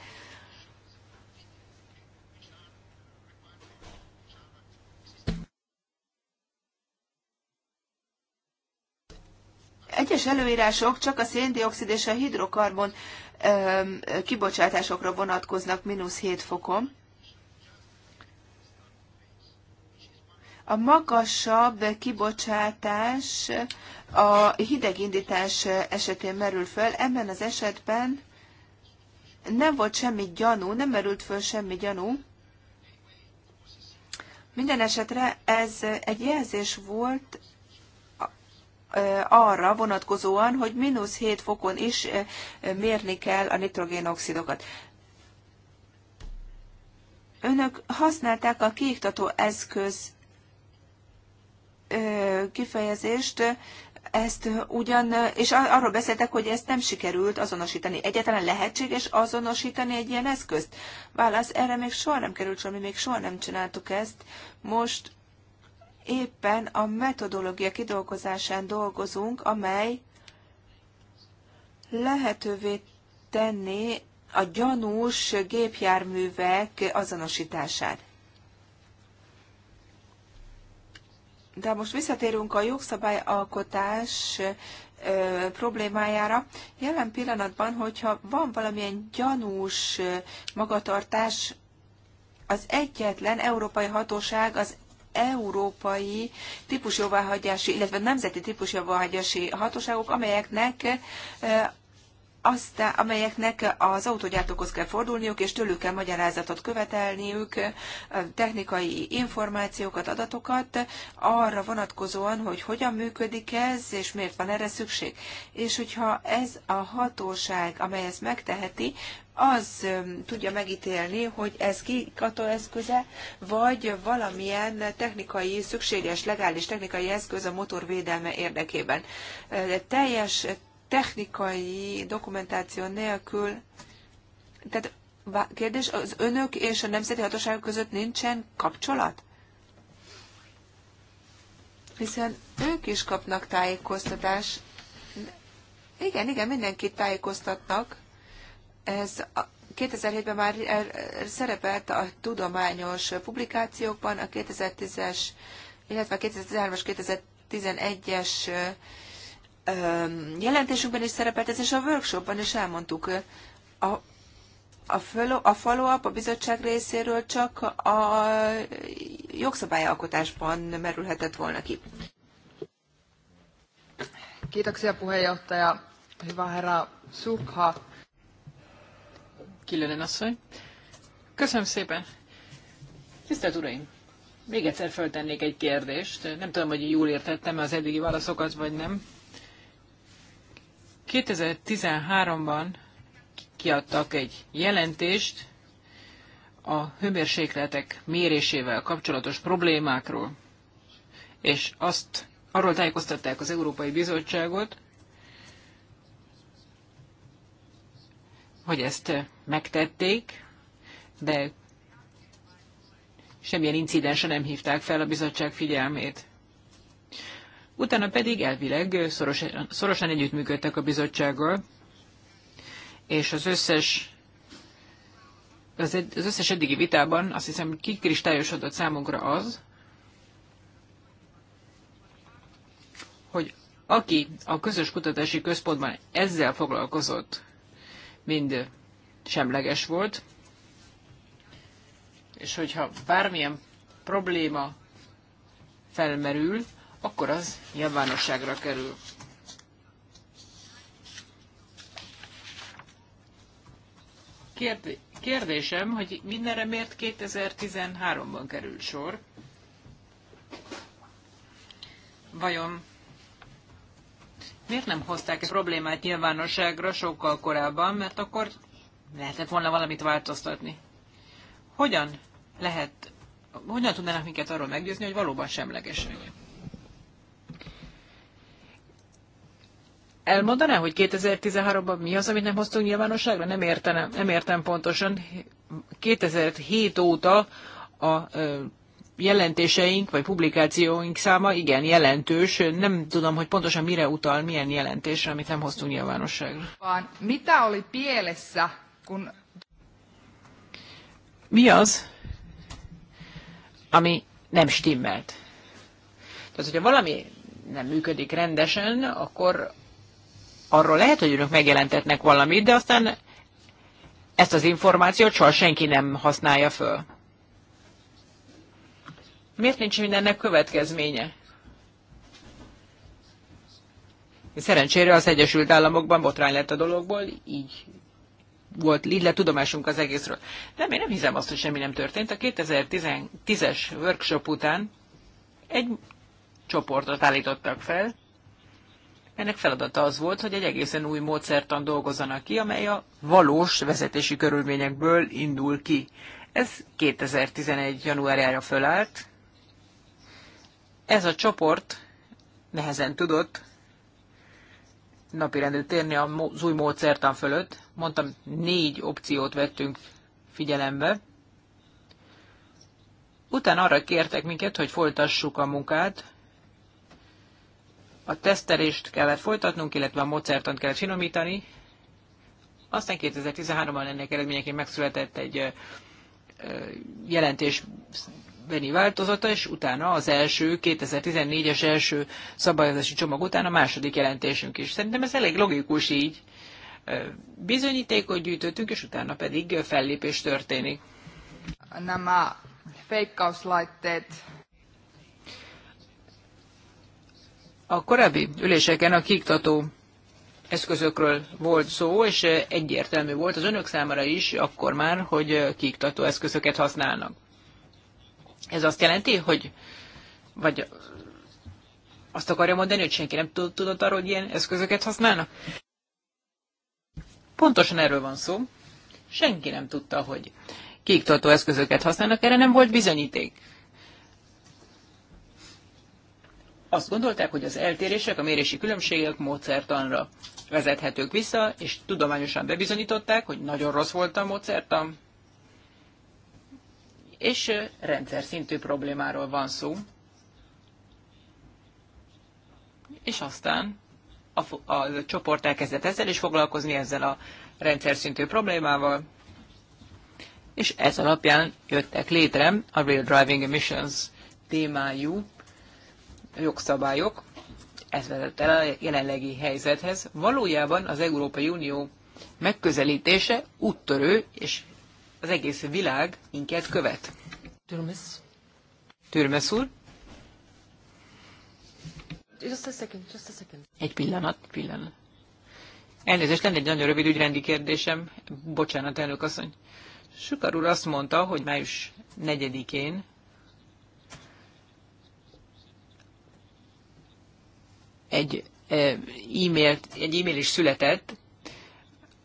Egyes előírások csak a széndiokszid és a hidrokarbon kibocsátásokra vonatkoznak mínusz 7 fokon. A magasabb kibocsátás a hidegindítás esetén merül föl. Ebben az esetben nem volt semmi gyanú, nem merült föl semmi gyanú. Minden esetre ez egy jelzés volt arra vonatkozóan, hogy mínusz 7 fokon is mérni kell a nitrogénoxidokat. Önök használták a kiiktató eszköz kifejezést, ezt ugyan, és arról beszéltek, hogy ezt nem sikerült azonosítani. Egyáltalán lehetséges azonosítani egy ilyen eszközt? Válasz, erre még soha nem került sor, mi még soha nem csináltuk ezt. Most éppen a metodológia kidolgozásán dolgozunk, amely lehetővé tenni a gyanús gépjárművek azonosítását. De most visszatérünk a jogszabályalkotás problémájára. Jelen pillanatban, hogyha van valamilyen gyanús magatartás, az egyetlen európai hatóság az európai típusjóváhagyási, illetve nemzeti típusjóváhagyási hatóságok, amelyeknek aztán, amelyeknek az autógyártókhoz kell fordulniuk, és tőlük kell magyarázatot követelniük, technikai információkat, adatokat arra vonatkozóan, hogy hogyan működik ez, és miért van erre szükség. És hogyha ez a hatóság, amely ezt megteheti, az tudja megítélni, hogy ez ki eszköze, vagy valamilyen technikai, szükséges, legális technikai eszköz a motorvédelme érdekében. De teljes technikai dokumentáció nélkül, tehát kérdés, az önök és a nemzeti hatóságok között nincsen kapcsolat? Hiszen ők is kapnak tájékoztatás. Igen, igen, mindenkit tájékoztatnak. Ez a 2007-ben már szerepelt a tudományos publikációkban, a 2010-es, illetve a 2013-as, 2011-es jelentésünkben is szerepelt ez, és a workshopban is elmondtuk. A, a, a follow-up a bizottság részéről csak a jogszabályalkotásban merülhetett volna ki. Kiitoksia puheenjohtaja. Hyvä herra Sukha. Kilönen asszony. Köszönöm szépen. Tisztelt Uraim! Még egyszer föltennék egy kérdést. Nem tudom, hogy jól értettem az eddigi válaszokat, vagy nem. 2013-ban kiadtak egy jelentést a hőmérsékletek mérésével kapcsolatos problémákról, és azt arról tájékoztatták az Európai Bizottságot, hogy ezt megtették, de semmilyen incidensen nem hívták fel a bizottság figyelmét. Utána pedig elvileg szorosan, szorosan együttműködtek a bizottsággal, és az összes az, egy, az összes eddigi vitában azt hiszem kikristályosodott számunkra az, hogy aki a közös kutatási központban ezzel foglalkozott, mind semleges volt, és hogyha bármilyen probléma felmerül, akkor az nyilvánosságra kerül. Kérdésem, hogy mindenre miért 2013-ban került sor? Vajon miért nem hozták ezt a problémát nyilvánosságra sokkal korábban, mert akkor lehetett volna valamit változtatni? Hogyan lehet, hogyan tudnának minket arról meggyőzni, hogy valóban semlegesek? elmondaná, hogy 2013-ban mi az, amit nem hoztunk nyilvánosságra? Nem, értene, nem értem pontosan. 2007 óta a jelentéseink vagy publikációink száma igen jelentős. Nem tudom, hogy pontosan mire utal, milyen jelentésre, amit nem hoztunk nyilvánosságra. Mit oli pielessä, kun... Mi az, ami nem stimmelt? Tehát, hogyha valami nem működik rendesen, akkor arról lehet, hogy önök megjelentetnek valamit, de aztán ezt az információt soha senki nem használja föl. Miért nincs mindennek következménye? Szerencsére az Egyesült Államokban botrány lett a dologból, így volt lille tudomásunk az egészről. de én nem hiszem azt, hogy semmi nem történt. A 2010-es workshop után egy csoportot állítottak fel, ennek feladata az volt, hogy egy egészen új módszertan dolgozzanak ki, amely a valós vezetési körülményekből indul ki. Ez 2011. januárjára fölállt. Ez a csoport nehezen tudott napirendre térni az új módszertan fölött. Mondtam, négy opciót vettünk figyelembe. Utána arra kértek minket, hogy folytassuk a munkát, a tesztelést kellett folytatnunk, illetve a módszertant kellett finomítani. Aztán 2013-ban ennek eredményeként megszületett egy jelentés beni változata, és utána az első, 2014-es első szabályozási csomag után a második jelentésünk is. Szerintem ez elég logikus így. Bizonyítékot gyűjtöttünk, és utána pedig fellépés történik. Nem Nämä feikkauslaitteet A korábbi üléseken a kiktató eszközökről volt szó, és egyértelmű volt az önök számára is akkor már, hogy kiktató eszközöket használnak. Ez azt jelenti, hogy vagy azt akarja mondani, hogy senki nem tudott arról, hogy ilyen eszközöket használnak? Pontosan erről van szó. Senki nem tudta, hogy kiiktató eszközöket használnak, erre nem volt bizonyíték. azt gondolták, hogy az eltérések, a mérési különbségek módszertanra vezethetők vissza, és tudományosan bebizonyították, hogy nagyon rossz volt a módszertan, és rendszer szintű problémáról van szó. És aztán a, a csoport elkezdett ezzel is foglalkozni, ezzel a rendszer szintű problémával, és ez alapján jöttek létre a Real Driving Emissions témájú jogszabályok, ez vezet el a jelenlegi helyzethez. Valójában az Európai Unió megközelítése úttörő, és az egész világ minket követ. Türmes. Türmes úr. Just a second, just a second. Egy pillanat, pillanat. Elnézést, lenne egy nagyon rövid ügyrendi kérdésem. Bocsánat, elnök asszony. Sukar úr azt mondta, hogy május 4-én egy e-mailt, egy e-mail is született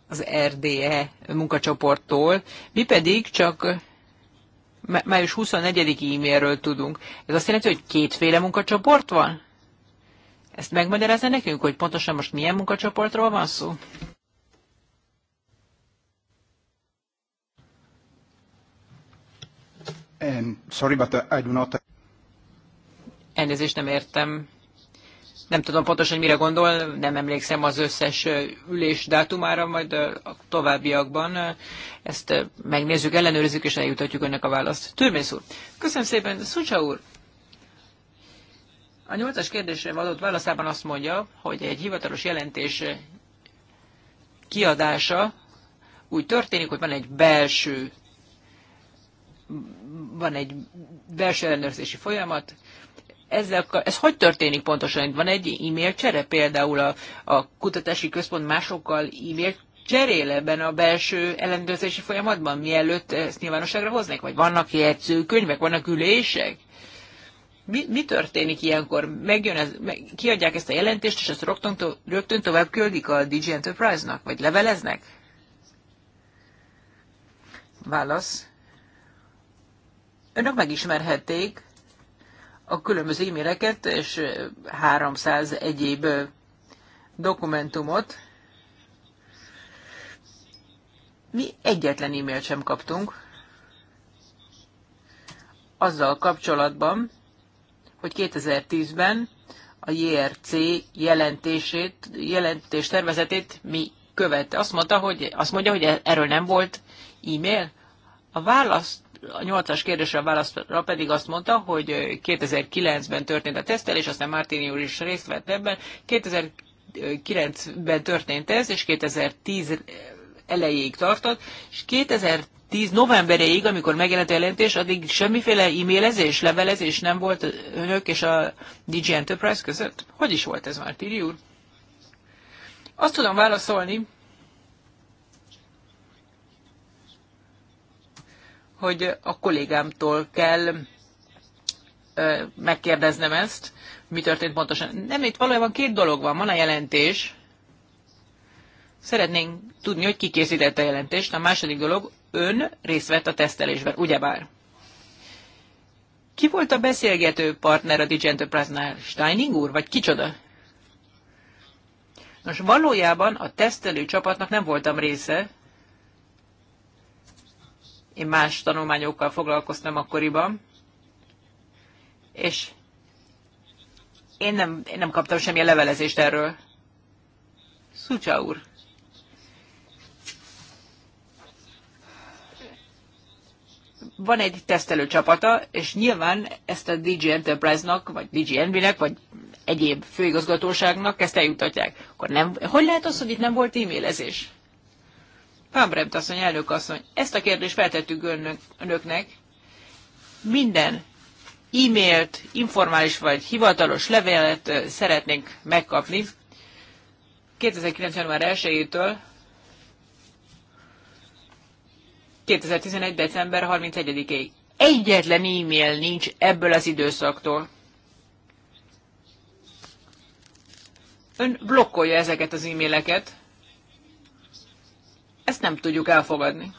az RDE munkacsoporttól, mi pedig csak május 24-i e-mailről tudunk. Ez azt jelenti, hogy kétféle munkacsoport van? Ezt megmagyarázza nekünk, hogy pontosan most milyen munkacsoportról van szó? Um, sorry, but I do not... Elnézést nem értem nem tudom pontosan, mire gondol, nem emlékszem az összes ülés dátumára, majd a továbbiakban ezt megnézzük, ellenőrizzük, és eljutatjuk önnek a választ. Törmész úr, köszönöm szépen, Szucsa úr! A nyolcas kérdésre adott válaszában azt mondja, hogy egy hivatalos jelentés kiadása úgy történik, hogy van egy belső van egy belső ellenőrzési folyamat, ezzel, ez hogy történik pontosan? van egy e-mail csere például a, a kutatási központ másokkal e-mail cserél ebben a belső ellenőrzési folyamatban, mielőtt ezt nyilvánosságra hoznék? Vagy vannak jegyzőkönyvek, vannak ülések? Mi, mi történik ilyenkor? Megjön ez, meg, kiadják ezt a jelentést, és ezt rögtön, to, rögtön tovább küldik a DJ Enterprise-nak? Vagy leveleznek? Válasz. Önök megismerhették a különböző e-maileket és 300 egyéb dokumentumot. Mi egyetlen e-mailt sem kaptunk azzal kapcsolatban, hogy 2010-ben a JRC jelentését, jelentés tervezetét mi követte. Azt mondta, hogy, azt mondja, hogy e-, erről nem volt e-mail. A választ a nyolcas kérdésre a válaszra pedig azt mondta, hogy 2009-ben történt a tesztelés, aztán Martini úr is részt vett ebben. 2009-ben történt ez, és 2010 elejéig tartott, és 2010 novemberéig, amikor megjelent a jelentés, addig semmiféle e-mailezés, levelezés nem volt önök és a DJ Enterprise között? Hogy is volt ez, Martini úr? Azt tudom válaszolni, hogy a kollégámtól kell megkérdeznem ezt, mi történt pontosan. Nem, itt valójában két dolog van. Van a jelentés, szeretnénk tudni, hogy ki készítette a jelentést. A második dolog, ön részt vett a tesztelésben, ugyebár. Ki volt a beszélgető partner a DJ Enterprise-nál? Steining úr, vagy kicsoda? Nos, valójában a tesztelő csapatnak nem voltam része, én más tanulmányokkal foglalkoztam akkoriban, és én nem, én nem kaptam semmilyen levelezést erről. Szucsa úr. Van egy tesztelő csapata, és nyilván ezt a DJ Enterprise-nak, vagy DJ Envy-nek, vagy egyéb főigazgatóságnak ezt eljutatják. Akkor nem, hogy lehet az, hogy itt nem volt e-mailezés? Pambremt asszony, elnök asszony, ezt a kérdést feltettük önök, önöknek. Minden e-mailt, informális vagy hivatalos levelet szeretnénk megkapni. 2009. január 1-től 2011. december 31-ig. Egyetlen e-mail nincs ebből az időszaktól. Ön blokkolja ezeket az e-maileket. Ezt nem tudjuk elfogadni.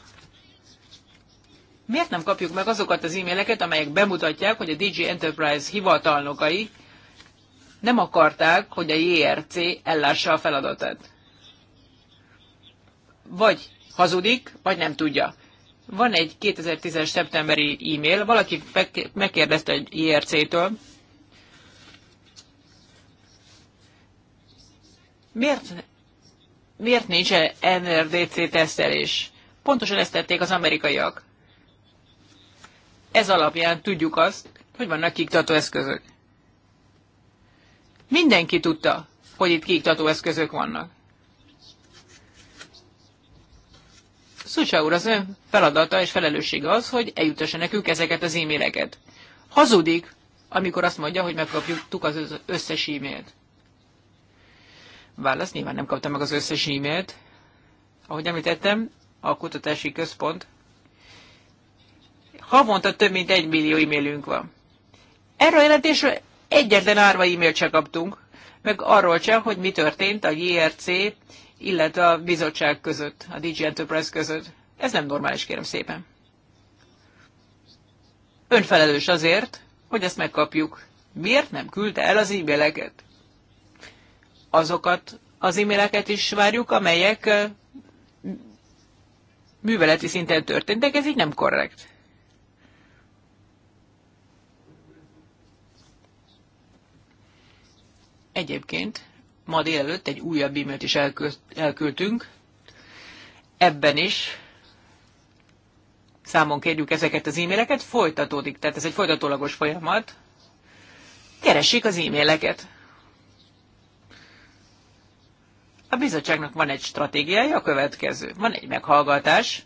Miért nem kapjuk meg azokat az e-maileket, amelyek bemutatják, hogy a DG Enterprise hivatalnokai nem akarták, hogy a JRC ellássa a feladatát? Vagy hazudik, vagy nem tudja. Van egy 2010-es szeptemberi e-mail, valaki megkérdezte egy IRC-től, miért miért nincs e- NRDC tesztelés? Pontosan ezt tették az amerikaiak. Ez alapján tudjuk azt, hogy vannak eszközök. Mindenki tudta, hogy itt kiktató eszközök vannak. Szucsa úr, az ön feladata és felelőssége az, hogy eljutassa nekünk ezeket az e-maileket. Hazudik, amikor azt mondja, hogy megkapjuk az összes e-mailt. Válasz, nyilván nem kaptam meg az összes e-mailt. Ahogy említettem, a kutatási központ havonta több mint egy millió e-mailünk van. Erről a jelentésről egyetlen árva e-mailt se kaptunk, meg arról sem, hogy mi történt a JRC, er illetve a bizottság között, a DJ Enterprise között. Ez nem normális, kérem szépen. Önfelelős azért, hogy ezt megkapjuk. Miért nem küldte el az e-maileket? azokat az e-maileket is várjuk, amelyek műveleti szinten történtek, ez így nem korrekt. Egyébként ma délelőtt egy újabb e-mailt is elküldtünk. Ebben is számon kérjük ezeket az e-maileket, folytatódik, tehát ez egy folytatólagos folyamat. Keressék az e-maileket. A bizottságnak van egy stratégiája, a következő. Van egy meghallgatás,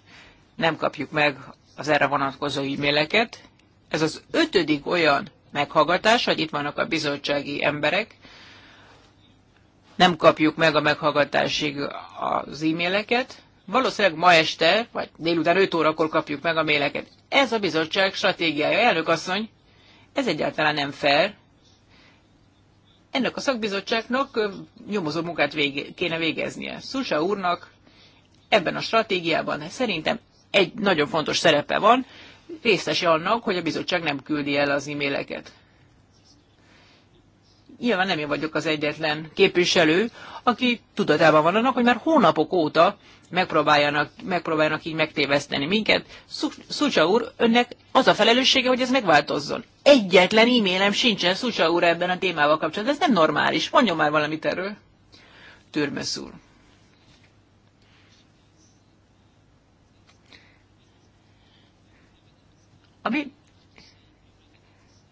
nem kapjuk meg az erre vonatkozó e-maileket. Ez az ötödik olyan meghallgatás, hogy itt vannak a bizottsági emberek, nem kapjuk meg a meghallgatásig az e-maileket. Valószínűleg ma este, vagy délután 5 órakor kapjuk meg a maileket. Ez a bizottság stratégiája. Elnök asszony, ez egyáltalán nem fair ennek a szakbizottságnak nyomozó munkát vége, kéne végeznie. Susa úrnak ebben a stratégiában szerintem egy nagyon fontos szerepe van, részes annak, hogy a bizottság nem küldi el az e-maileket nyilván nem én vagyok az egyetlen képviselő, aki tudatában van annak, hogy már hónapok óta megpróbáljanak, megpróbáljanak így megtéveszteni minket. Szucsa úr, önnek az a felelőssége, hogy ez megváltozzon. Egyetlen e-mailem sincsen Szucsa úr ebben a témával kapcsolatban. Ez nem normális. Mondjon már valamit erről. Türmesz úr. A mi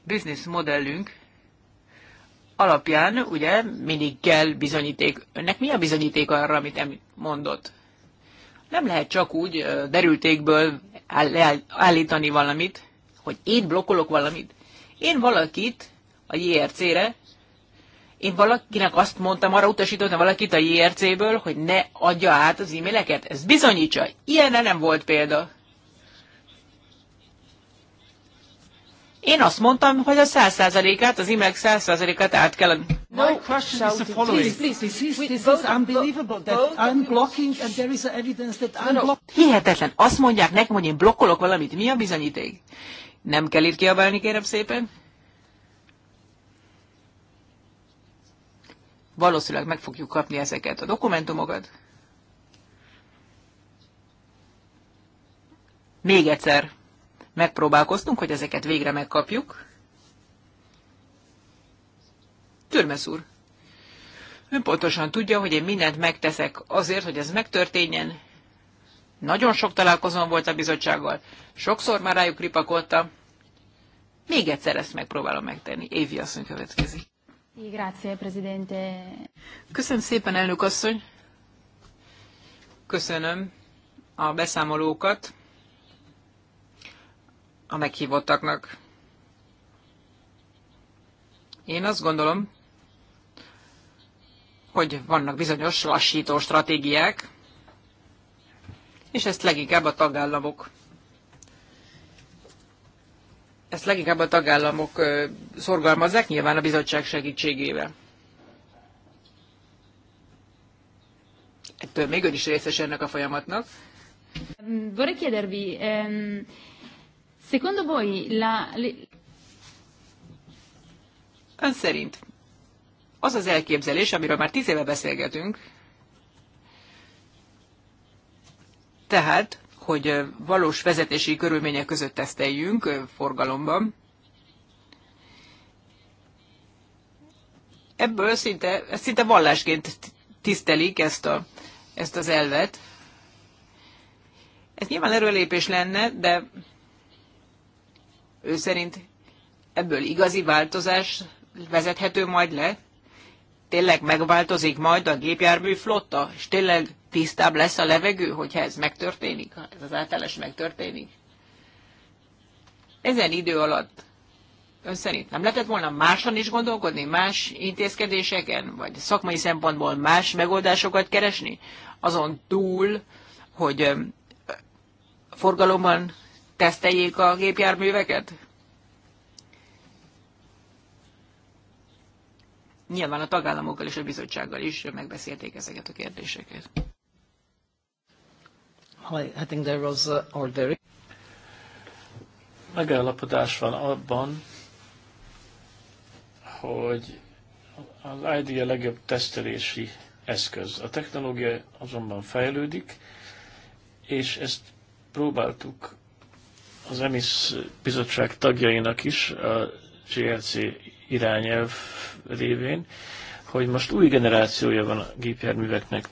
business modellünk alapján ugye mindig kell bizonyíték. Önnek mi a bizonyíték arra, amit mondott? Nem lehet csak úgy derültékből állítani valamit, hogy én blokkolok valamit. Én valakit a JRC-re, én valakinek azt mondtam, arra utasítottam valakit a JRC-ből, hogy ne adja át az e-maileket. Ez bizonyítsa. Ilyenre nem volt példa. Én azt mondtam, hogy a 100%-át, az IMEG 100%-át át kell adni. No, My question is the following. Please, please, please, this is unbelievable that I'm blocking and there is evidence that I'm blocking. Hihetetlen. Azt mondják nekem, hogy én blokkolok valamit. Mi a bizonyíték? Nem kell itt kiabálni, kérem szépen. Valószínűleg meg fogjuk kapni ezeket a dokumentumokat. Még egyszer megpróbálkoztunk, hogy ezeket végre megkapjuk. Türmes úr, ön pontosan tudja, hogy én mindent megteszek azért, hogy ez megtörténjen. Nagyon sok találkozom volt a bizottsággal, sokszor már rájuk ripakoltam. Még egyszer ezt megpróbálom megtenni. Évi asszony következik. Presidente. Köszönöm szépen, elnök asszony. Köszönöm a beszámolókat a meghívottaknak. Én azt gondolom, hogy vannak bizonyos lassító stratégiák, és ezt leginkább a tagállamok ezt leginkább a tagállamok szorgalmazzák, nyilván a bizottság segítségével. Ettől még ön is részes ennek a folyamatnak. Vorrei chiedervi, ehm, Secondo voi la... Ön szerint az az elképzelés, amiről már tíz éve beszélgetünk, tehát, hogy valós vezetési körülmények között teszteljünk forgalomban, ebből szinte, szinte vallásként tisztelik ezt, a, ezt az elvet. Ez nyilván erőlépés lenne, de ő szerint ebből igazi változás vezethető majd le? Tényleg megváltozik majd a gépjármű flotta? És tényleg tisztább lesz a levegő, hogyha ez megtörténik? Ha ez az átállás megtörténik? Ezen idő alatt ön szerint nem lehetett volna máson is gondolkodni, más intézkedéseken, vagy szakmai szempontból más megoldásokat keresni, azon túl, hogy forgalomban teszteljék a gépjárműveket? Nyilván a tagállamokkal és a bizottsággal is megbeszélték ezeket a kérdéseket. I think there was, uh, or there... Megállapodás van abban, hogy az ID a legjobb tesztelési eszköz. A technológia azonban fejlődik, és ezt próbáltuk az EMISZ bizottság tagjainak is a GLC irányelv révén, hogy most új generációja van a gépjárműveknek,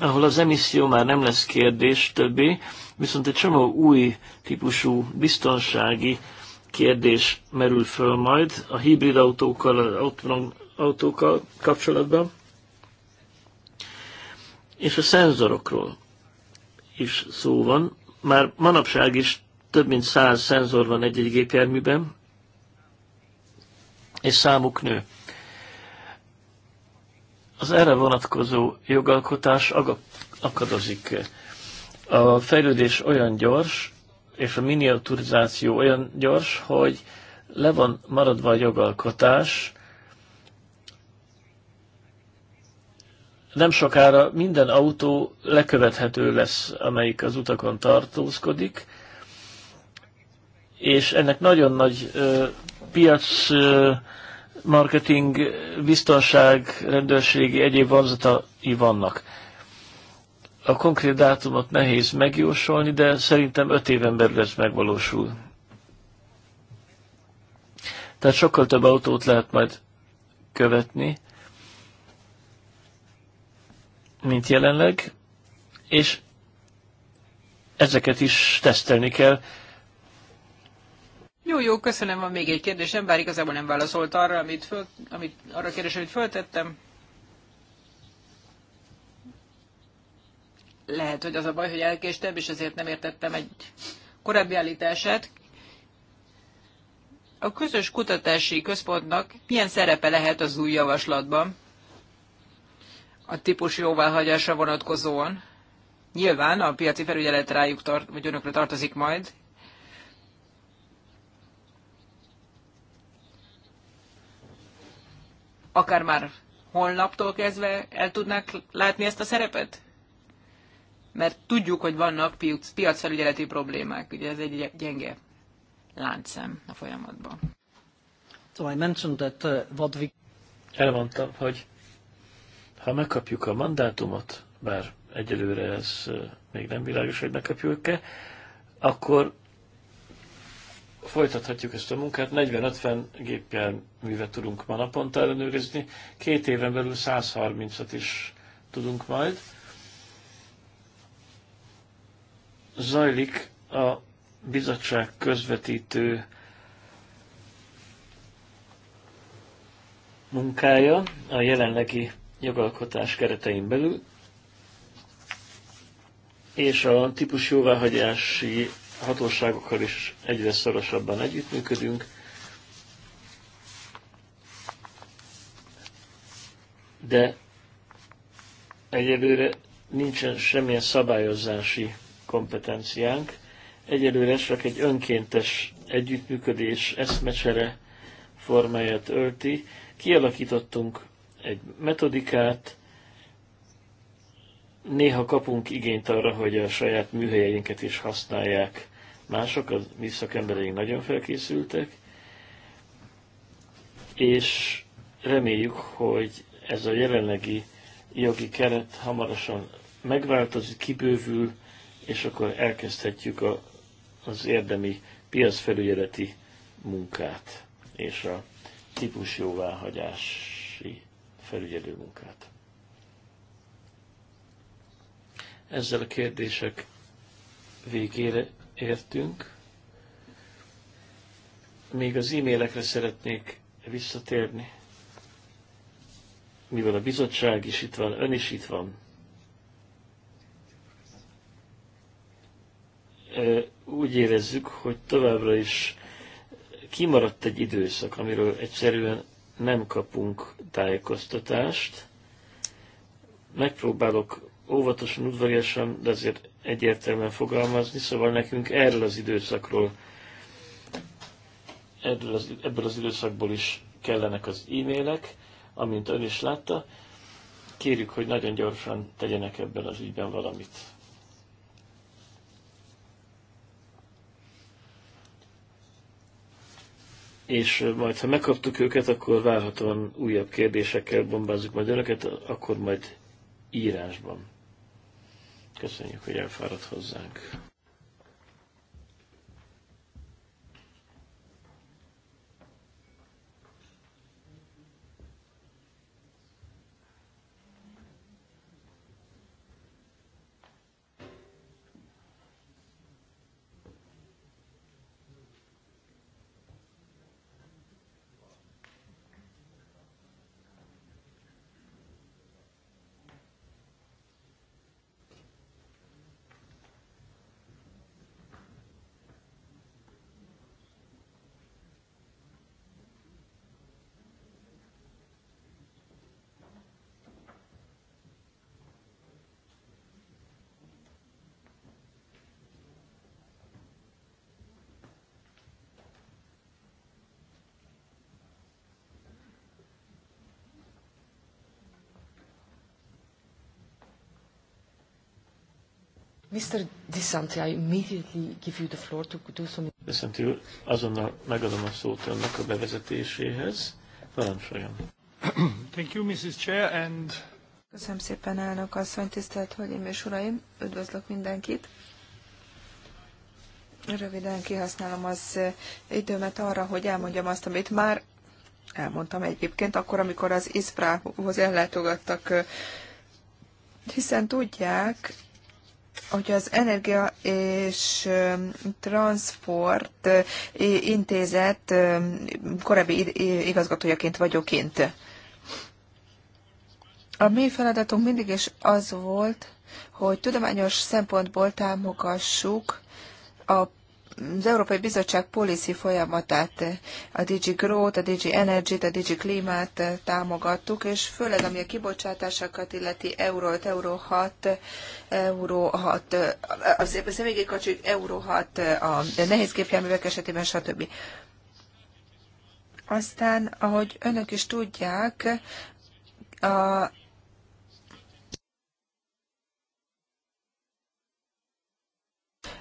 ahol az emisszió már nem lesz kérdés többé, viszont egy csomó új típusú biztonsági kérdés merül föl majd a hibrid autókkal, az autonóm autókkal kapcsolatban, és a szenzorokról is szó van. Már manapság is több mint száz szenzor van egy-egy gépjárműben, és számuk nő. Az erre vonatkozó jogalkotás akadozik. A fejlődés olyan gyors, és a miniaturizáció olyan gyors, hogy le van maradva a jogalkotás, nem sokára minden autó lekövethető lesz, amelyik az utakon tartózkodik, és ennek nagyon nagy ö, piac ö, marketing, biztonság, rendőrségi, egyéb vonzatai vannak. A konkrét dátumot nehéz megjósolni, de szerintem öt éven belül ez megvalósul. Tehát sokkal több autót lehet majd követni, mint jelenleg, és ezeket is tesztelni kell, jó, jó, köszönöm, van még egy kérdésem, bár igazából nem válaszolt arra, amit, föl, amit arra kérdés, amit föltettem. Lehet, hogy az a baj, hogy elkéstem, és ezért nem értettem egy korábbi állítását. A közös kutatási központnak milyen szerepe lehet az új javaslatban a típus jóváhagyásra vonatkozóan? Nyilván a piaci felügyelet rájuk tart, vagy önökre tartozik majd, akár már holnaptól kezdve el tudnák látni ezt a szerepet? Mert tudjuk, hogy vannak piac, piacfelügyeleti problémák, ugye ez egy gyenge láncszem a folyamatban. So I mentioned that, uh, what we... Elmondtam, hogy ha megkapjuk a mandátumot, bár egyelőre ez uh, még nem világos, hogy megkapjuk-e, akkor folytathatjuk ezt a munkát. 40-50 géppel művet tudunk ma naponta ellenőrizni, két éven belül 130-at is tudunk majd. Zajlik a bizottság közvetítő munkája a jelenlegi jogalkotás keretein belül, és a típus jóváhagyási hatóságokkal is egyre szorosabban együttműködünk. De egyelőre nincsen semmilyen szabályozási kompetenciánk. Egyelőre csak egy önkéntes együttműködés, eszmecsere formáját ölti. Kialakítottunk egy metodikát, Néha kapunk igényt arra, hogy a saját műhelyeinket is használják mások, az, mi szakembereink nagyon felkészültek, és reméljük, hogy ez a jelenlegi jogi keret hamarosan megváltozik, kibővül, és akkor elkezdhetjük a, az érdemi piacfelügyeleti munkát és a típusjóváhagyási felügyelő munkát. Ezzel a kérdések végére értünk. Még az e-mailekre szeretnék visszatérni, mivel a bizottság is itt van, ön is itt van. Úgy érezzük, hogy továbbra is kimaradt egy időszak, amiről egyszerűen nem kapunk tájékoztatást. Megpróbálok óvatosan, udvariasan, de azért egyértelműen fogalmazni, szóval nekünk erről az időszakról, erről az, ebből az időszakból is kellenek az e-mailek, amint ön is látta. Kérjük, hogy nagyon gyorsan tegyenek ebben az ügyben valamit. és majd ha megkaptuk őket, akkor várhatóan újabb kérdésekkel bombázzuk majd önöket, akkor majd írásban. Köszönjük, hogy elfáradt hozzánk. Mr. DeSanti, I immediately give you the floor to do some... DeSanti azonnal megadom a szót önnek a bevezetéséhez. Parancsoljon. Thank you, Mrs. Chair, and... Köszönöm szépen, elnök asszony, tisztelt hölgyeim és uraim, üdvözlök mindenkit. Röviden kihasználom az eh, időmet arra, hogy elmondjam azt, amit már elmondtam egyébként, akkor, amikor az ISPRA-hoz ellátogattak, eh, hiszen tudják, hogy az Energia és Transport Intézet korábbi igazgatójaként vagyok én. A mi feladatunk mindig is az volt, hogy tudományos szempontból támogassuk a az Európai Bizottság policy folyamatát, a Digi Growth, a Digi energy a Digi Klímát támogattuk, és főleg ami a kibocsátásokat illeti 5 Euró 6, Euró 6, az személygékacsik Euró 6, a nehéz gépjárművek esetében, stb. Aztán, ahogy önök is tudják, a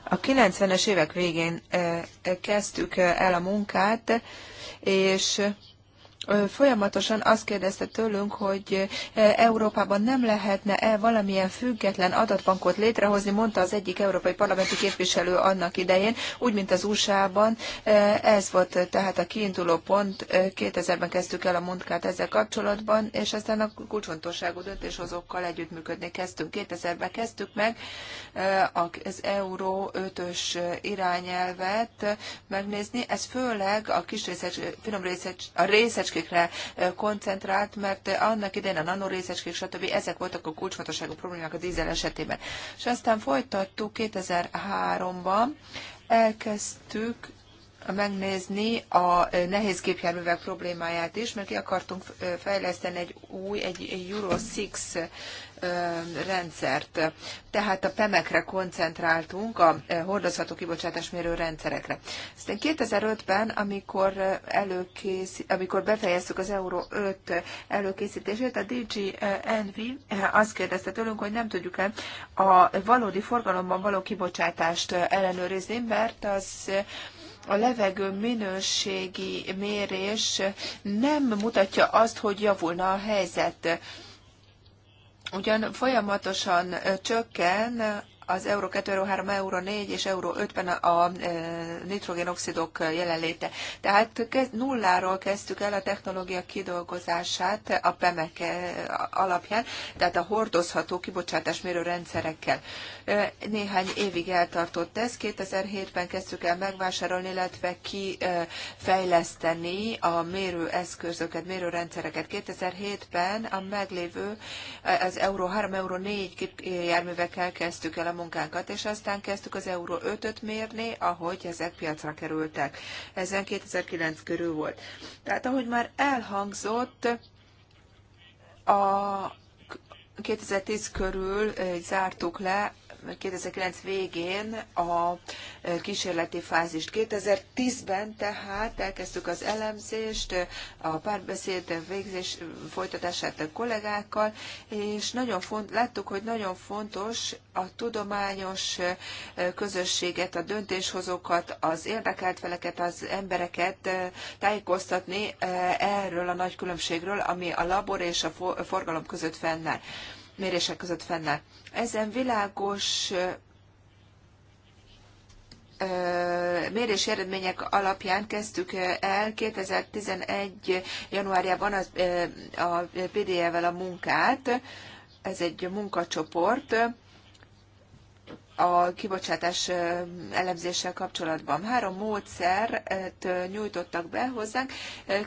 A 90-es évek végén kezdtük el a munkát, és folyamatosan azt kérdezte tőlünk, hogy Európában nem lehetne-e valamilyen független adatbankot létrehozni, mondta az egyik európai parlamenti képviselő annak idején, úgy, mint az USA-ban. Ez volt tehát a kiinduló pont. 2000-ben kezdtük el a munkát ezzel kapcsolatban, és aztán a kulcsfontosságú döntéshozókkal együttműködni kezdtünk. 2000-ben kezdtük meg az Euró 5-ös irányelvet megnézni. Ez főleg a kis részecs, finom részecs, a részecs részecskékre koncentrált, mert annak idején a nanorészecskék, stb. ezek voltak a kulcsfontosságú problémák a dízel esetében. És aztán folytattuk 2003-ban, elkezdtük megnézni a nehéz gépjárművek problémáját is, mert ki akartunk fejleszteni egy új, egy Euro 6 rendszert. Tehát a PEMekre koncentráltunk, a hordozható kibocsátásmérő rendszerekre. Aztán 2005-ben, amikor, előkész, amikor befejeztük az Euro 5 előkészítését, a DG Envy azt kérdezte tőlünk, hogy nem tudjuk-e a valódi forgalomban való kibocsátást ellenőrizni, mert az a levegő minőségi mérés nem mutatja azt, hogy javulna a helyzet ugyan folyamatosan csökken az euró 2, euró 3, euró 4 és euró ötben a, a e, nitrogénoxidok jelenléte. Tehát nulláról kezdtük el a technológia kidolgozását a PEMEK e, alapján, tehát a hordozható kibocsátásmérő rendszerekkel. E, néhány évig eltartott ez, 2007-ben kezdtük el megvásárolni, illetve kifejleszteni a mérőeszközöket, mérőrendszereket. 2007-ben a meglévő az euró 3, euró 4 járművekkel kezdtük el a munkánkat, és aztán kezdtük az euró 5-öt mérni, ahogy ezek piacra kerültek. Ezen 2009 körül volt. Tehát ahogy már elhangzott, a 2010 körül eh, zártuk le 2009 végén a e, kísérleti fázist. 2010-ben tehát elkezdtük az elemzést, a párbeszéd végzés folytatását a kollégákkal, és nagyon font, láttuk, hogy nagyon fontos a tudományos e, közösséget, a döntéshozókat, az érdekelt feleket, az embereket e, tájékoztatni erről a nagy különbségről, ami a labor és a forgalom között fennáll mérések között fennáll. Ezen világos mérési eredmények alapján kezdtük el 2011. januárjában az, a PDE-vel a munkát. Ez egy munkacsoport a kibocsátás elemzéssel kapcsolatban. Három módszert nyújtottak be hozzánk.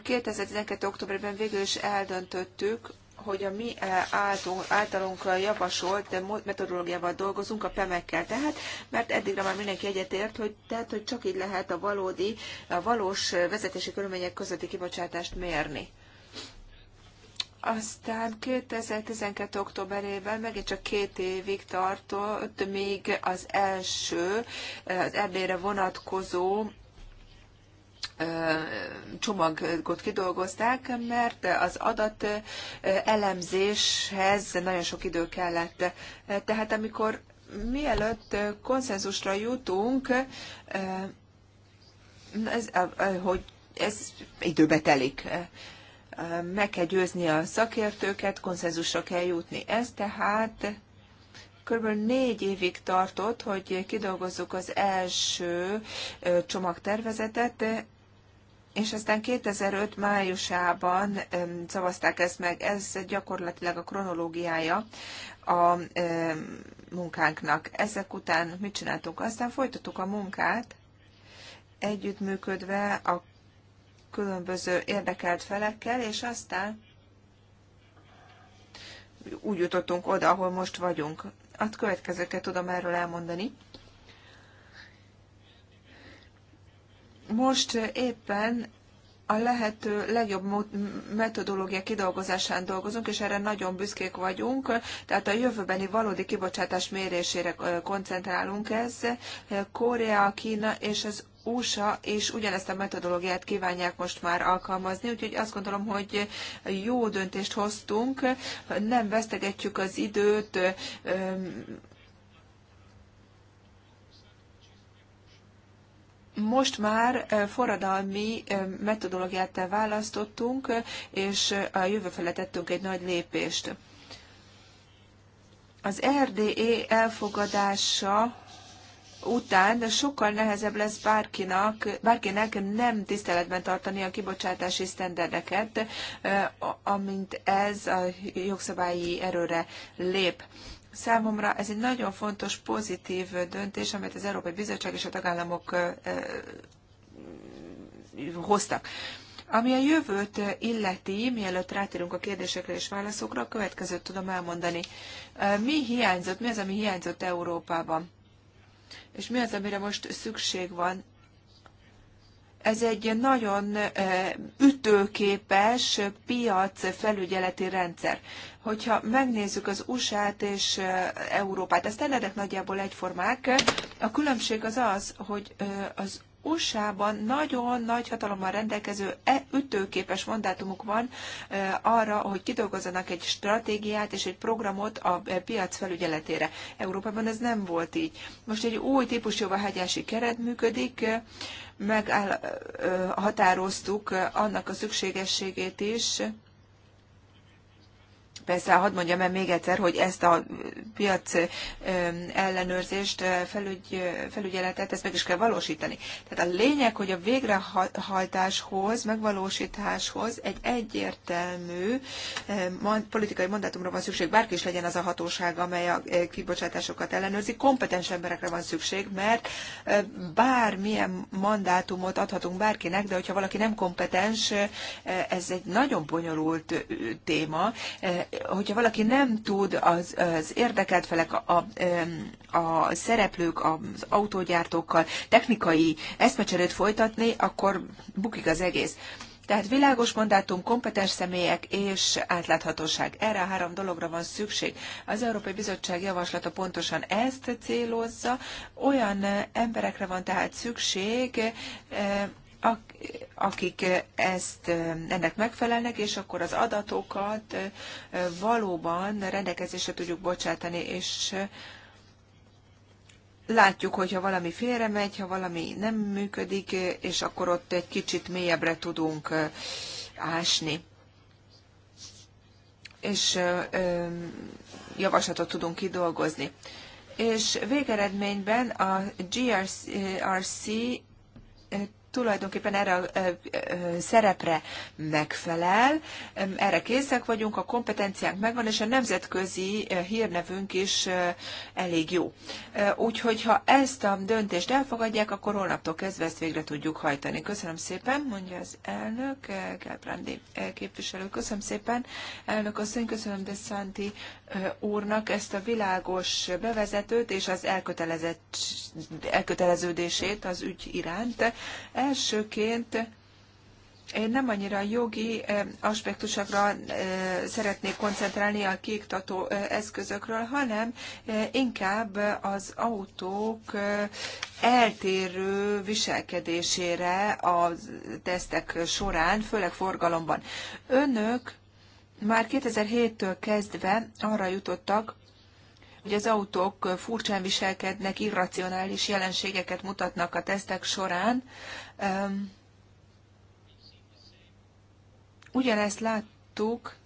2012. októberben végül is eldöntöttük, hogy a mi eh, általunk javasolt eh, metodológiával dolgozunk, a PEMekkel tehát, mert eddigre már mindenki egyetért, hogy, tehát, hogy csak így lehet a valódi, a valós eh, vezetési körülmények közötti kibocsátást mérni. Aztán 2012. októberében megint csak két évig tartott, még az első, az erdélyre vonatkozó csomagot kidolgozták, mert az adat elemzéshez nagyon sok idő kellett. Tehát amikor mielőtt konszenzusra jutunk, ez, hogy ez időbe telik. Meg kell győzni a szakértőket, konszenzusra kell jutni. Ez tehát Körülbelül négy évig tartott, hogy kidolgozzuk az első csomagtervezetet, és aztán 2005 májusában szavazták ezt meg. Ez gyakorlatilag a kronológiája a munkánknak. Ezek után mit csináltunk? Aztán folytattuk a munkát, együttműködve a különböző érdekelt felekkel, és aztán úgy jutottunk oda, ahol most vagyunk a hát következőket tudom erről elmondani. Most éppen a lehető legjobb metodológia kidolgozásán dolgozunk, és erre nagyon büszkék vagyunk, tehát a jövőbeni valódi kibocsátás mérésére koncentrálunk ez. Korea, Kína és az USA és ugyanezt a metodológiát kívánják most már alkalmazni, úgyhogy azt gondolom, hogy jó döntést hoztunk, nem vesztegetjük az időt, Most már forradalmi metodológiát választottunk, és a jövő felé tettünk egy nagy lépést. Az RDE elfogadása után sokkal nehezebb lesz bárkinak, bárkinek nem tiszteletben tartani a kibocsátási sztenderdeket, eh, amint ez a jogszabályi erőre lép. Számomra ez egy nagyon fontos, pozitív döntés, amit az Európai Bizottság és a tagállamok eh, hoztak. Ami a jövőt illeti, mielőtt rátérünk a kérdésekre és válaszokra, a következőt tudom elmondani. Eh, mi hiányzott, mi az, ami hiányzott Európában? és mi az, amire most szükség van. Ez egy nagyon ütőképes piac felügyeleti rendszer. Hogyha megnézzük az USA-t és Európát, a standardek nagyjából egyformák, a különbség az az, hogy az USA-ban nagyon nagy hatalommal rendelkező e ütőképes mandátumuk van arra, hogy kidolgozzanak egy stratégiát és egy programot a e, piac felügyeletére. Európában ez nem volt így. Most egy új típusú jóváhagyási keret működik, meghatároztuk annak a szükségességét is, persze, hadd mondjam el még egyszer, hogy ezt a piac ellenőrzést, felügy, felügyeletet, ezt meg is kell valósítani. Tehát a lényeg, hogy a végrehajtáshoz, megvalósításhoz egy egyértelmű politikai mandátumra van szükség, bárki is legyen az a hatóság, amely a kibocsátásokat ellenőrzi, kompetens emberekre van szükség, mert bármilyen mandátumot adhatunk bárkinek, de hogyha valaki nem kompetens, ez egy nagyon bonyolult téma, hogyha valaki nem tud az, az érdekelt felek, a, a, a szereplők, az autógyártókkal technikai eszmecserét folytatni, akkor bukik az egész. Tehát világos mandátum, kompetens személyek és átláthatóság. Erre a három dologra van szükség. Az Európai Bizottság javaslata pontosan ezt célozza. Olyan emberekre van tehát szükség, akik ezt, ennek megfelelnek, és akkor az adatokat valóban rendelkezésre tudjuk bocsátani, és látjuk, hogyha valami félre megy, ha valami nem működik, és akkor ott egy kicsit mélyebbre tudunk ásni. És javaslatot tudunk kidolgozni. És végeredményben a GRC tulajdonképpen erre a szerepre megfelel, erre készek vagyunk, a kompetenciánk megvan, és a nemzetközi hírnevünk is elég jó. Úgyhogy ha ezt a döntést elfogadják, akkor holnaptól kezdve ezt végre tudjuk hajtani. Köszönöm szépen, mondja az elnök, Gelbrandi képviselő. Köszönöm szépen, elnök asszony, köszönöm De Santi úrnak ezt a világos bevezetőt és az elköteleződését az ügy iránt. Elsőként én nem annyira jogi eh, aspektusokra eh, szeretnék koncentrálni a kiiktató eh, eszközökről, hanem inkább az autók eltérő viselkedésére a tesztek során, főleg forgalomban. Önök már 2007-től kezdve arra jutottak, hogy az autók furcsán viselkednek, irracionális jelenségeket mutatnak a tesztek során. Ugyanezt láttuk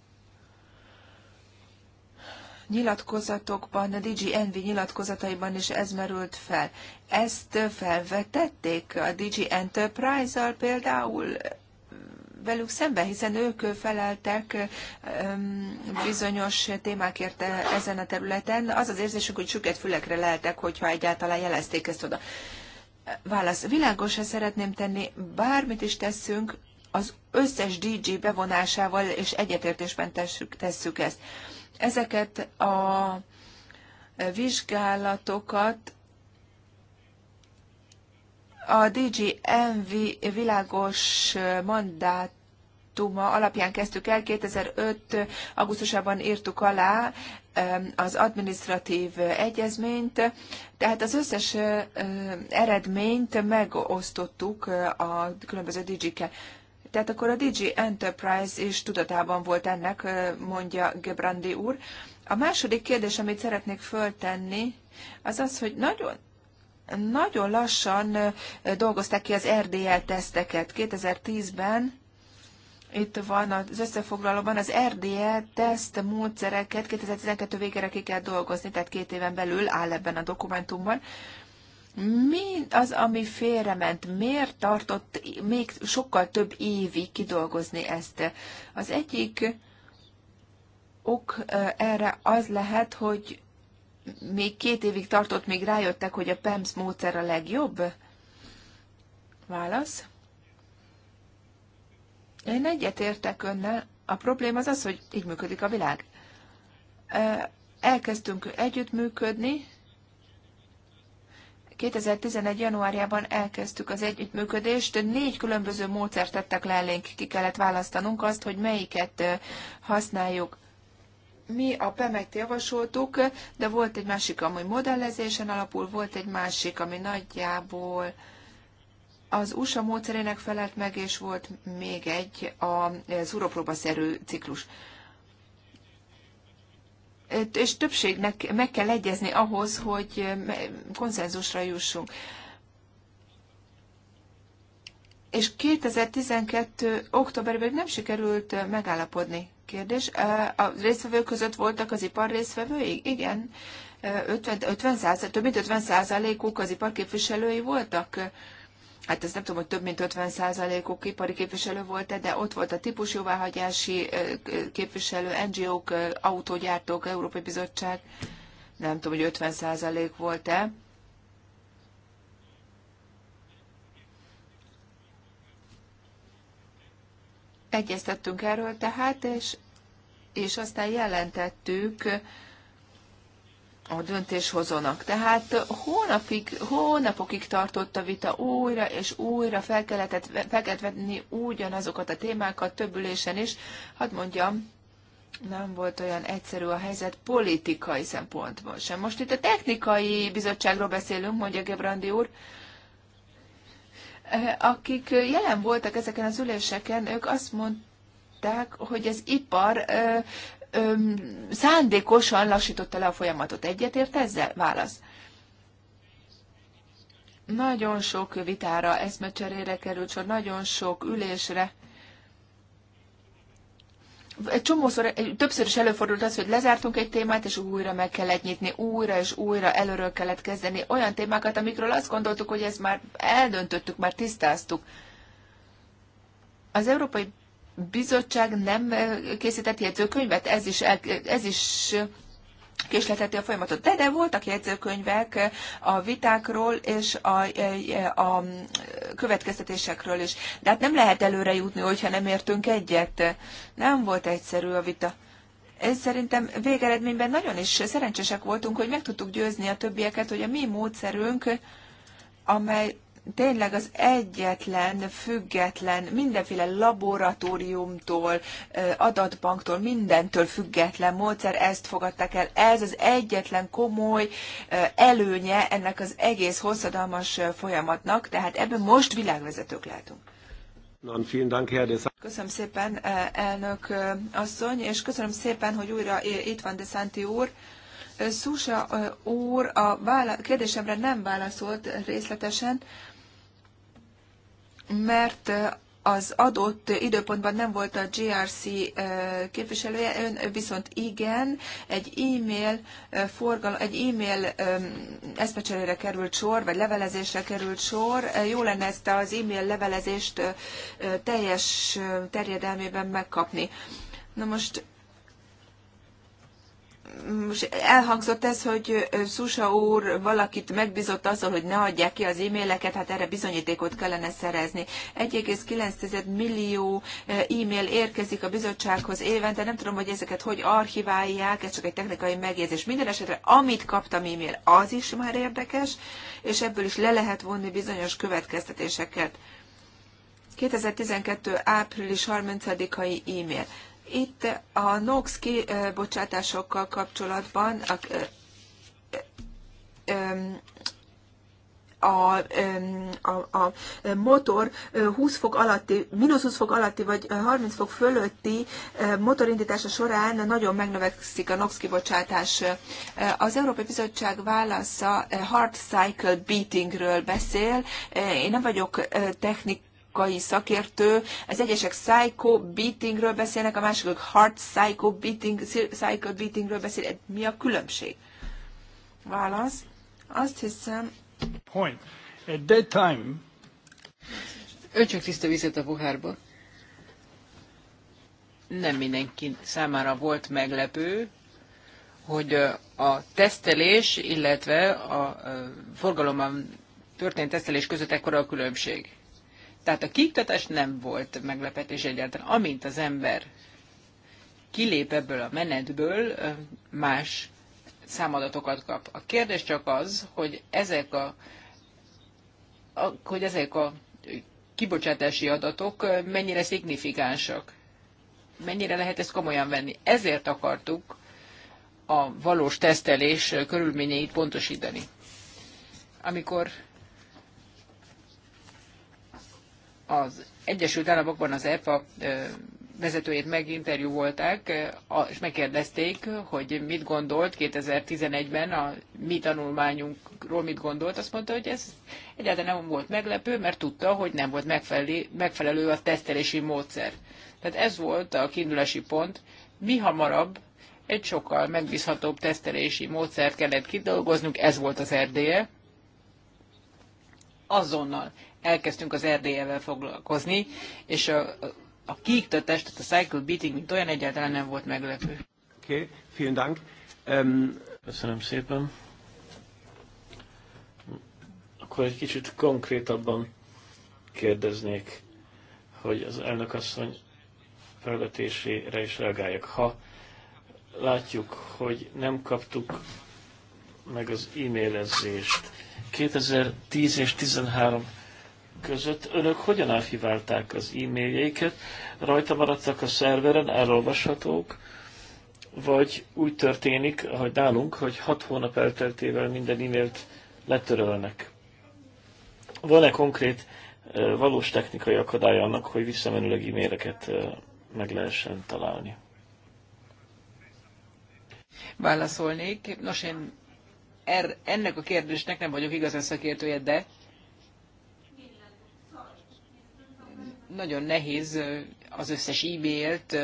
nyilatkozatokban, a DG Envy nyilatkozataiban is ez merült fel. Ezt felvetették a DG Enterprise-al például, velük szemben, hiszen ők feleltek bizonyos témákért e, ezen a területen. Az az érzésük, hogy süket fülekre leltek, hogyha egyáltalán jelezték ezt oda. Válasz. Világosra szeretném tenni, bármit is teszünk, az összes DJ bevonásával és egyetértésben tesszük, tesszük ezt. Ezeket a vizsgálatokat a DG Envi világos mandát alapján kezdtük el, 2005. augusztusában írtuk alá az administratív egyezményt, tehát az összes eredményt megosztottuk a különböző digike. Tehát akkor a Digi Enterprise is tudatában volt ennek, mondja Gebrandi úr. A második kérdés, amit szeretnék föltenni, az az, hogy nagyon nagyon lassan dolgozták ki az RDL teszteket. 2010-ben itt van az összefoglalóban az RDE teszt módszereket 2012 végére ki kell dolgozni, tehát két éven belül áll ebben a dokumentumban. Mi az, ami félrement? Miért tartott még sokkal több évig kidolgozni ezt? Az egyik ok erre az lehet, hogy még két évig tartott, még rájöttek, hogy a PEMS módszer a legjobb? Válasz. Én egyetértek önnel. A probléma az az, hogy így működik a világ. Elkezdtünk együttműködni. 2011. januárjában elkezdtük az együttműködést. Négy különböző módszert tettek le elénk. Ki kellett választanunk azt, hogy melyiket használjuk mi a PEMET javasoltuk, de volt egy másik, ami modellezésen alapul, volt egy másik, ami nagyjából az USA módszerének felelt meg, és volt még egy, a uropróbaszerű ciklus. És többségnek meg kell egyezni ahhoz, hogy konszenzusra jussunk. És 2012. októberben nem sikerült megállapodni kérdés. A résztvevők között voltak az ipar résztvevői? Igen. 50, 50 százal, több mint 50 százalékuk az ipar képviselői voltak. Hát ez nem tudom, hogy több mint 50 százalékuk ipari képviselő volt -e, de ott volt a típusjóváhagyási képviselő, NGO-k, autógyártók, Európai Bizottság. Nem tudom, hogy 50 százalék volt-e. Egyeztettünk erről tehát, és, és aztán jelentettük a döntéshozónak. Tehát hónapig, hónapokig tartott a vita újra és újra, fel kellett, fel kellett venni ugyanazokat a témákat több ülésen is. Hadd mondjam, nem volt olyan egyszerű a helyzet politikai szempontból sem. Most itt a technikai bizottságról beszélünk, mondja Gebrandi úr. Eh, akik jelen voltak ezeken az üléseken, ők azt mondták, hogy az ipar ö, eh, ö, szándékosan lassította le a folyamatot. Egyetért ezzel? Válasz. Nagyon sok vitára, eszmecserére került sor, nagyon sok ülésre egy csomószor, többször is előfordult az, hogy lezártunk egy témát, és újra meg kellett nyitni, újra és újra előről kellett kezdeni olyan témákat, amikről azt gondoltuk, hogy ezt már eldöntöttük, már tisztáztuk. Az Európai Bizottság nem készített jegyzőkönyvet, ez is, ez is késletheti a folyamatot. De, de voltak jegyzőkönyvek a vitákról és a, a következtetésekről is. De hát nem lehet előre jutni, hogyha nem értünk egyet. Nem volt egyszerű a vita. Ez szerintem végeredményben nagyon is szerencsések voltunk, hogy meg tudtuk győzni a többieket, hogy a mi módszerünk, amely tényleg az egyetlen független, mindenféle laboratóriumtól, adatbanktól, mindentől független módszer, ezt fogadták el. Ez az egyetlen komoly előnye ennek az egész hosszadalmas folyamatnak, tehát ebben most világvezetők lehetünk. Köszönöm szépen, elnök asszony, és köszönöm szépen, hogy újra itt van De Santi úr. Szusa úr a kérdésemre nem válaszolt részletesen, mert az adott időpontban nem volt a GRC képviselője, ön viszont igen, egy e-mail forgalom, egy e-mail eszmecserére került sor, vagy levelezésre került sor. Jó lenne ezt az e-mail levelezést teljes terjedelmében megkapni. Na most elhangzott ez, hogy Susa úr valakit megbízott azzal, hogy ne adják ki az e-maileket, hát erre bizonyítékot kellene szerezni. 1,9 millió e-mail érkezik a bizottsághoz évente, nem tudom, hogy ezeket hogy archiválják, ez csak egy technikai megjegyzés. Minden esetre, amit kaptam e-mail, az is már érdekes, és ebből is le lehet vonni bizonyos következtetéseket. 2012. április 30-ai e-mail. Itt a NOx kibocsátásokkal kapcsolatban a, a, a, a motor 20 fok alatti, mínusz 20 fok alatti vagy 30 fok fölötti motorindítása során nagyon megnövekszik a NOx kibocsátás. Az Európai Bizottság válasza hard cycle beatingről beszél. Én nem vagyok technik, amerikai szakértő, az egyesek psycho beatingről beszélnek, a másikok hard psycho beating, psycho beatingről beszél. Mi a különbség? Válasz. Azt hiszem... Point. At that time... Öntsök tiszta vizet a pohárba. Nem mindenki számára volt meglepő, hogy a tesztelés, illetve a forgalomban történt tesztelés között ekkora a különbség. Tehát a kiktatás nem volt meglepetés egyáltalán. Amint az ember kilép ebből a menetből, más számadatokat kap. A kérdés csak az, hogy ezek a, a hogy ezek a kibocsátási adatok mennyire szignifikánsak. Mennyire lehet ezt komolyan venni. Ezért akartuk a valós tesztelés körülményeit pontosítani. Amikor az Egyesült Államokban az EPA vezetőjét meginterjúvolták, és megkérdezték, hogy mit gondolt 2011-ben a mi tanulmányunkról, mit gondolt. Azt mondta, hogy ez egyáltalán nem volt meglepő, mert tudta, hogy nem volt megfelelő, megfelelő a tesztelési módszer. Tehát ez volt a kiindulási pont. Mi hamarabb egy sokkal megbízhatóbb tesztelési módszert kellett kidolgoznunk, ez volt az erdélye. Azonnal elkezdtünk az Erdélyevel foglalkozni, és a, a kiiktatás, tehát a cycle beating, mint olyan egyáltalán nem volt meglepő. Oké, okay, vielen Dank. Um... Köszönöm szépen. Akkor egy kicsit konkrétabban kérdeznék, hogy az elnökasszony felvetésére is reagáljak. Ha látjuk, hogy nem kaptuk meg az e-mailezést, 2010 és 13 között önök hogyan elhiválták az e-mailjeiket, rajta maradtak a szerveren, elolvashatók, vagy úgy történik, ahogy nálunk, hogy hat hónap elteltével minden e-mailt letörölnek. Van-e konkrét valós technikai akadály annak, hogy visszamenőleg e-maileket meg lehessen találni? Válaszolnék. Nos, én er, ennek a kérdésnek nem vagyok igazán szakértője, de nagyon nehéz az összes e-mailt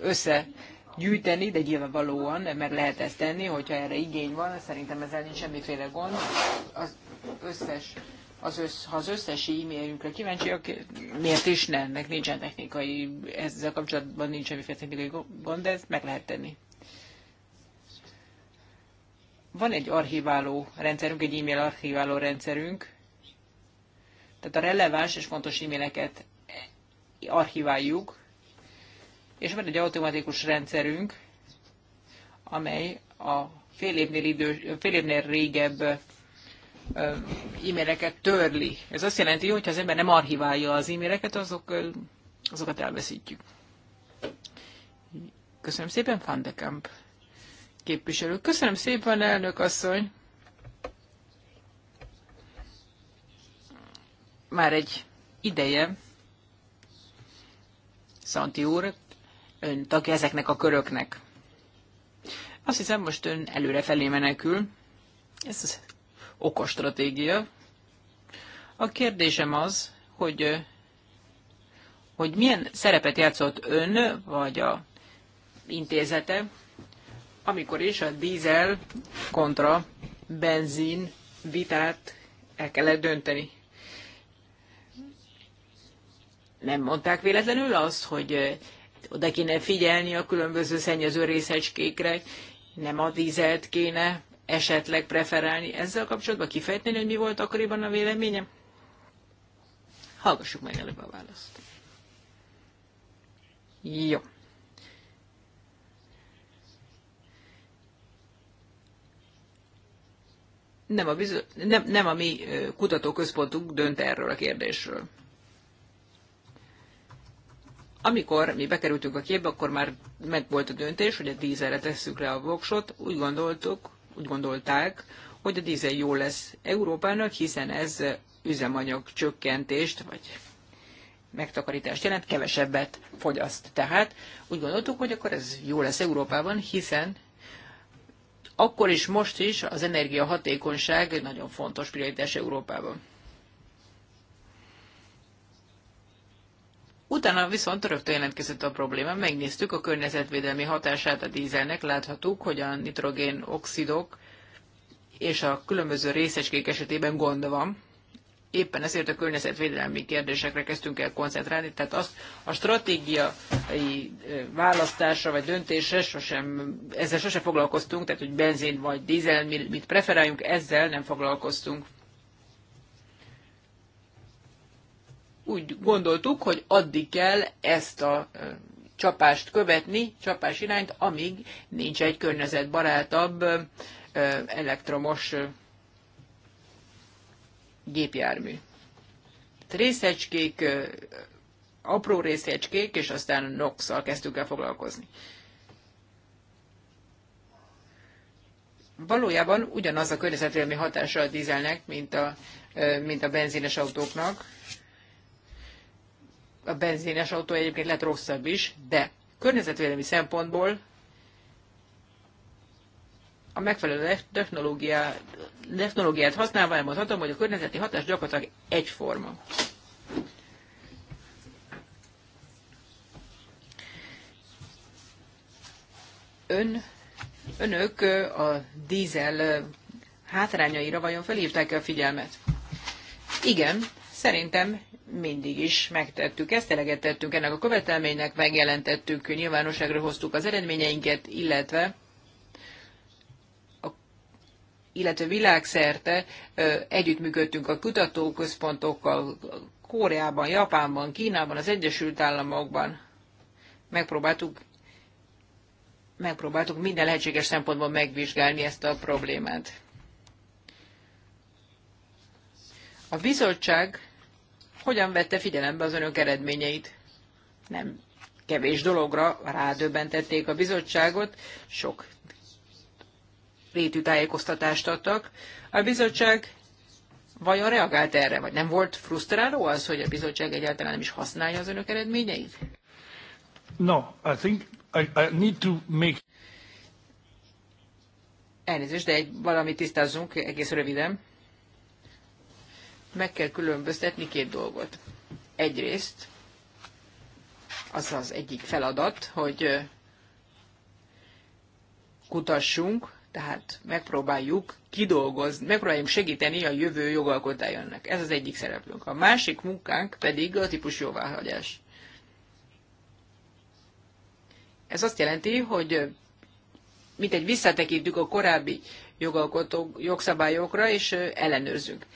összegyűjteni, de nyilvánvalóan mert lehet ezt tenni, hogyha erre igény van, szerintem ezzel nincs semmiféle gond. Az összes, az össz, ha az összes e-mailünkre kíváncsiak, miért is ne? Ennek nincsen technikai, ezzel kapcsolatban nincs semmiféle technikai gond, de ezt meg lehet tenni. Van egy archiváló rendszerünk, egy e-mail archiváló rendszerünk, tehát a releváns és fontos e-maileket archiváljuk, és van egy automatikus rendszerünk, amely a fél évnél, idő, fél évnél régebb e-maileket törli. Ez azt jelenti, hogy ha az ember nem archiválja az e-maileket, azok, azokat elveszítjük. Köszönöm szépen, Fandekamp képviselő. Köszönöm szépen, elnök asszony! már egy ideje, Szanti úr, ön tagja ezeknek a köröknek. Azt hiszem, most ön előrefelé menekül. Ez az okos stratégia. A kérdésem az, hogy, hogy milyen szerepet játszott ön, vagy a intézete, amikor is a dízel kontra benzin vitát el kellett dönteni nem mondták véletlenül azt, hogy oda kéne figyelni a különböző szennyező részecskékre, nem a vizet kéne esetleg preferálni. Ezzel kapcsolatban kifejteni, hogy mi volt akkoriban a véleményem? Hallgassuk meg előbb a választ. Jó. Nem a, bizony, nem, nem a mi kutatóközpontunk dönt erről a kérdésről. Amikor mi bekerültünk a képbe, akkor már meg volt a döntés, hogy a dízelre tesszük le a voksot. Úgy gondoltuk, úgy gondolták, hogy a dízel jó lesz Európának, hiszen ez üzemanyag csökkentést, vagy megtakarítást jelent, kevesebbet fogyaszt. Tehát úgy gondoltuk, hogy akkor ez jó lesz Európában, hiszen akkor is, most is az energiahatékonyság nagyon fontos prioritás Európában. Utána viszont rögtön jelentkezett a probléma, megnéztük a környezetvédelmi hatását a dízelnek, láthattuk, hogy a nitrogén oxidok és a különböző részecskék esetében gond van. Éppen ezért a környezetvédelmi kérdésekre kezdtünk el koncentrálni, tehát azt a stratégiai választásra vagy döntésre sosem, ezzel sosem foglalkoztunk, tehát hogy benzin vagy dízel, mit preferáljunk, ezzel nem foglalkoztunk. úgy gondoltuk, hogy addig kell ezt a csapást követni, csapás irányt, amíg nincs egy környezetbarátabb elektromos gépjármű. Részecskék, apró részecskék, és aztán NOx-szal kezdtük el foglalkozni. Valójában ugyanaz a környezetvédelmi hatása a dízelnek, mint a, mint a benzines autóknak, a benzines autó egyébként lett rosszabb is, de környezetvédelmi szempontból a megfelelő technológia, technológiát használva elmondhatom, hogy a környezeti hatás gyakorlatilag egyforma. Ön, önök a dízel hátrányaira vajon felhívták -e a figyelmet? Igen, szerintem mindig is megtettük ezt, eleget tettünk ennek a követelménynek, megjelentettük, nyilvánosságra hoztuk az eredményeinket, illetve a, illetve világszerte együttműködtünk a kutatóközpontokkal, Koreában, Japánban, Kínában, az Egyesült Államokban. Megpróbáltuk megpróbáltuk minden lehetséges szempontból megvizsgálni ezt a problémát. A bizottság hogyan vette figyelembe az önök eredményeit? Nem kevés dologra rádöbbentették a bizottságot, sok rétű tájékoztatást adtak. A bizottság vajon reagált erre, vagy nem volt frusztráló az, hogy a bizottság egyáltalán nem is használja az önök eredményeit? No, I think I, I need to make... Elnézést, de egy, valamit tisztázzunk egész röviden meg kell különböztetni két dolgot. Egyrészt az az egyik feladat, hogy kutassunk, tehát megpróbáljuk kidolgozni, megpróbáljuk segíteni a jövő jogalkotájának. Ez az egyik szereplőnk. A másik munkánk pedig a típus jóváhagyás. Ez azt jelenti, hogy mint egy visszatekintjük a korábbi jogalkotó jogszabályokra, és ellenőrzünk.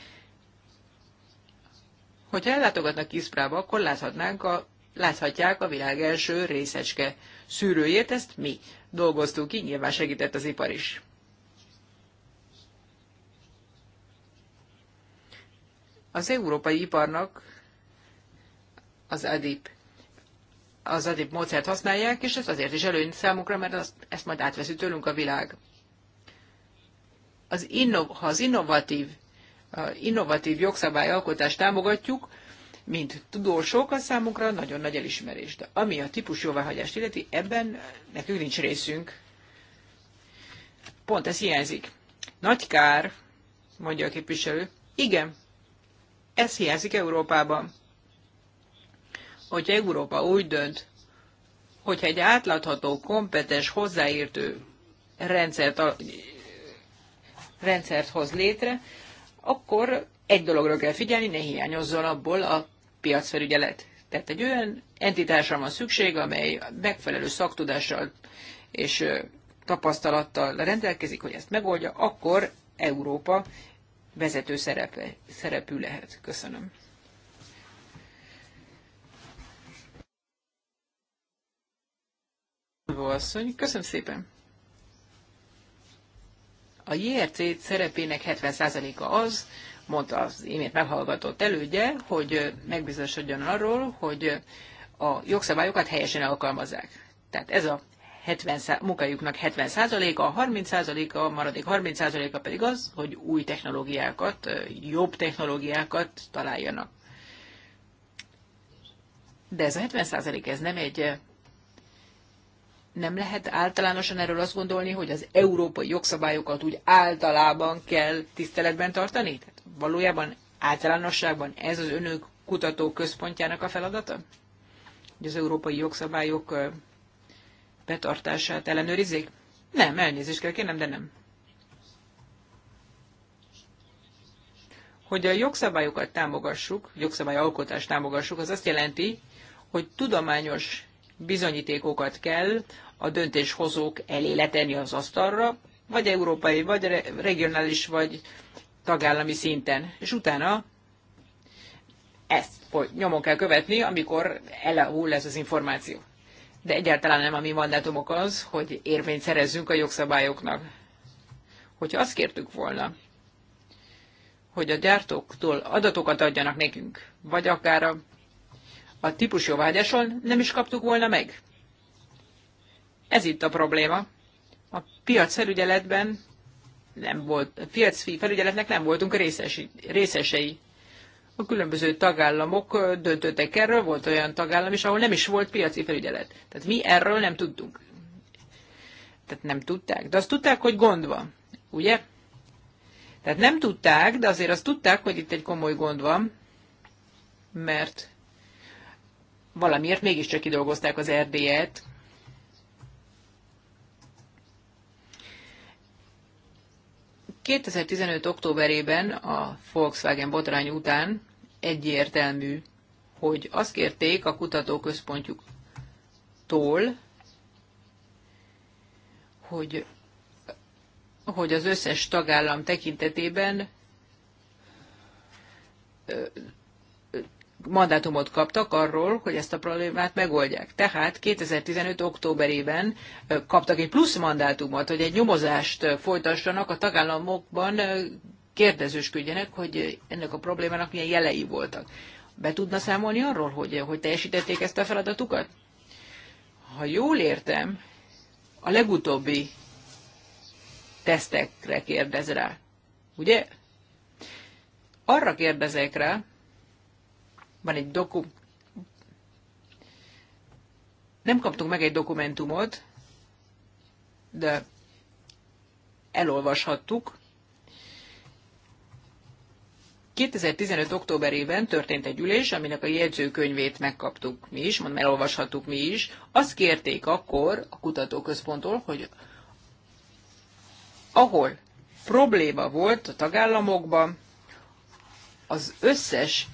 Hogyha ellátogatnak Iszprába, akkor láthatnánk a, láthatják a világ első részecske szűrőjét, ezt mi dolgoztuk ki, nyilván segített az ipar is. Az európai iparnak az ADIP az adib módszert használják, és ez azért is előny számukra, mert azt, ezt majd átveszi tőlünk a világ. Az innov, ha az innovatív innovatív jogszabályalkotást támogatjuk, mint tudósok, a számunkra nagyon nagy elismerés. De ami a típus jóváhagyást illeti, ebben nekünk nincs részünk. Pont ez hiányzik. Nagy kár, mondja a képviselő. Igen, ez hiányzik Európában. Hogyha Európa úgy dönt, hogyha egy átlátható, kompetens, hozzáértő rendszert, rendszert hoz létre, akkor egy dologra kell figyelni, ne hiányozzon abból a piacfelügyelet. Tehát egy olyan entitásra van szükség, amely megfelelő szaktudással és tapasztalattal rendelkezik, hogy ezt megoldja, akkor Európa vezető szerepe, szerepű lehet. Köszönöm. Köszönöm szépen. A JRC szerepének 70%-a az, mondta az imént meghallgatott elődje, hogy megbizonyosodjon arról, hogy a jogszabályokat helyesen alkalmazzák. Tehát ez a 70 munkájuknak 70%-a, a 30%-a, a maradék 30%-a pedig az, hogy új technológiákat, jobb technológiákat találjanak. De ez a 70% ez nem egy nem lehet általánosan erről azt gondolni, hogy az európai jogszabályokat úgy általában kell tiszteletben tartani? Tehát valójában általánosságban ez az önök kutató központjának a feladata? Hogy az európai jogszabályok betartását ellenőrizzék? Nem, elnézést kell kérnem, de nem. Hogy a jogszabályokat támogassuk, jogszabályalkotást támogassuk, az azt jelenti, hogy tudományos bizonyítékokat kell a döntéshozók elé letenni az asztalra, vagy európai, vagy regionális, vagy tagállami szinten. És utána ezt nyomon kell követni, amikor elhull ez az információ. De egyáltalán nem a mi mandátumok az, hogy érvényt szerezzünk a jogszabályoknak. Hogyha azt kértük volna, hogy a gyártóktól adatokat adjanak nekünk, vagy akár a, a típusjóvágyáson nem is kaptuk volna meg. Ez itt a probléma. A piac felügyeletben nem volt, a piac felügyeletnek nem voltunk részesi, részesei. A különböző tagállamok döntöttek erről, volt olyan tagállam is, ahol nem is volt piaci felügyelet. Tehát mi erről nem tudtunk. Tehát nem tudták. De azt tudták, hogy gond van. Ugye? Tehát nem tudták, de azért azt tudták, hogy itt egy komoly gond van, mert valamiért mégiscsak kidolgozták az erdélyet, 2015. októberében a Volkswagen botrány után egyértelmű, hogy azt kérték a kutatóközpontjuktól, hogy, hogy az összes tagállam tekintetében mandátumot kaptak arról, hogy ezt a problémát megoldják. Tehát 2015. októberében kaptak egy plusz mandátumot, hogy egy nyomozást folytassanak a tagállamokban, kérdezősködjenek, hogy ennek a problémának milyen jelei voltak. Be tudna számolni arról, hogy, hogy teljesítették ezt a feladatukat? Ha jól értem, a legutóbbi tesztekre kérdez rá. Ugye? Arra kérdezek rá, van egy doku... Nem kaptunk meg egy dokumentumot, de elolvashattuk. 2015. októberében történt egy ülés, aminek a jegyzőkönyvét megkaptuk mi is, mondom, elolvashattuk mi is. Azt kérték akkor a kutatóközponttól, hogy ahol probléma volt a tagállamokban, az összes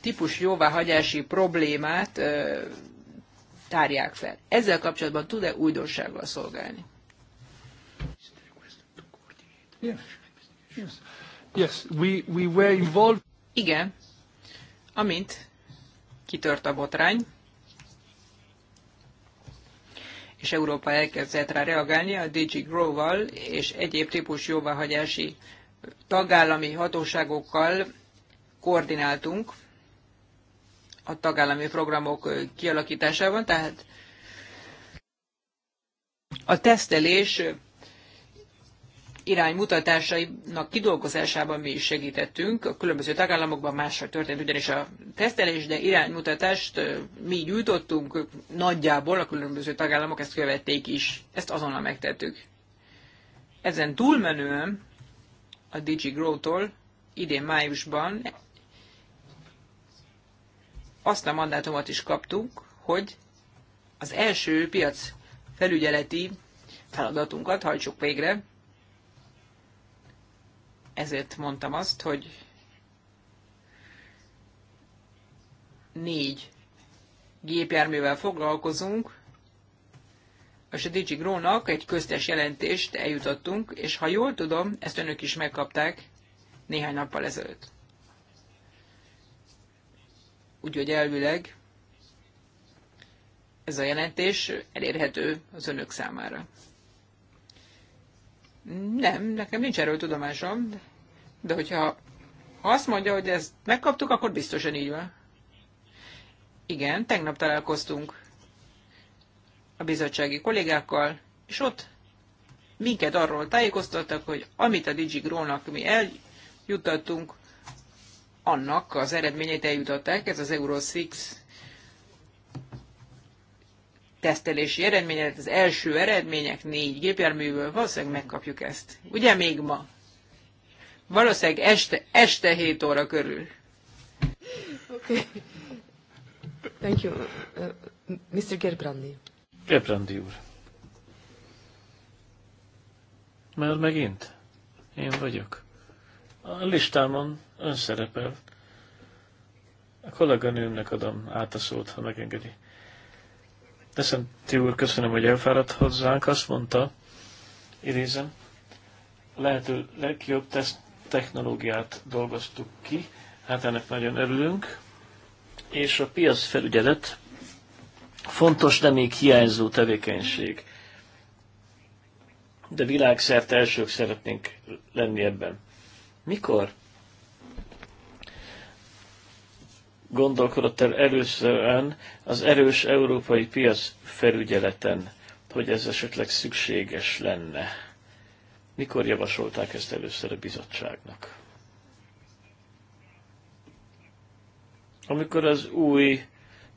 típus jóváhagyási problémát tárják fel. Ezzel kapcsolatban tud-e újdonsággal szolgálni? Yes. Yes. Yes, we, we were involved. Igen. Amint kitört a botrány, és Európa elkezdett rá reagálni a DG Grow-val és egyéb típus jóváhagyási tagállami hatóságokkal koordináltunk, a tagállami programok kialakításában, tehát a tesztelés iránymutatásainak kidolgozásában mi is segítettünk. A különböző tagállamokban másra történt ugyanis a tesztelés, de iránymutatást mi gyújtottunk, nagyjából a különböző tagállamok ezt követték is. Ezt azonnal megtettük. Ezen túlmenően a DigiGrow-tól idén májusban azt a mandátumot is kaptunk, hogy az első piac felügyeleti feladatunkat hajtsuk végre. Ezért mondtam azt, hogy négy gépjárművel foglalkozunk, és a Digi Grónak egy köztes jelentést eljutottunk, és ha jól tudom, ezt önök is megkapták néhány nappal ezelőtt úgyhogy elvileg ez a jelentés elérhető az önök számára. Nem, nekem nincs erről tudomásom, de hogyha azt mondja, hogy ezt megkaptuk, akkor biztosan így van. Igen, tegnap találkoztunk a bizottsági kollégákkal, és ott minket arról tájékoztattak, hogy amit a digigrow mi eljuttattunk, annak az eredményeit eljutották, ez az Euro 6 tesztelési eredménye, az első eredmények négy gépjárműből, valószínűleg megkapjuk ezt. Ugye még ma? Valószínűleg este, este 7 óra körül. Oké. Okay. Thank you. Uh, Mr. Gerbrandi. Gerbrandi úr. Mert megint? Én vagyok. A listámon ön szerepel. A kolléganőmnek adom át a szót, ha megengedi. ti úr, köszönöm, hogy elfáradt hozzánk. Azt mondta, idézem, a lehető legjobb teszt technológiát dolgoztuk ki, hát ennek nagyon örülünk, és a felügyelet fontos, de még hiányzó tevékenység. De világszerte elsők szeretnénk lenni ebben. Mikor gondolkodott el először az erős európai piac felügyeleten, hogy ez esetleg szükséges lenne? Mikor javasolták ezt először a bizottságnak? Amikor az új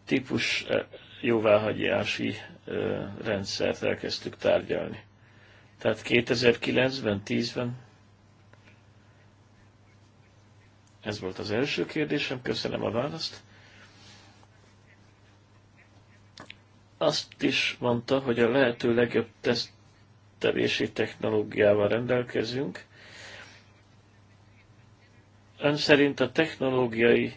típus eh, jóváhagyási eh, rendszert elkezdtük tárgyalni. Tehát 2009-ben, 10-ben Ez volt az első kérdésem, köszönöm a választ. Azt is mondta, hogy a lehető legjobb tesztelési technológiával rendelkezünk. Ön szerint a technológiai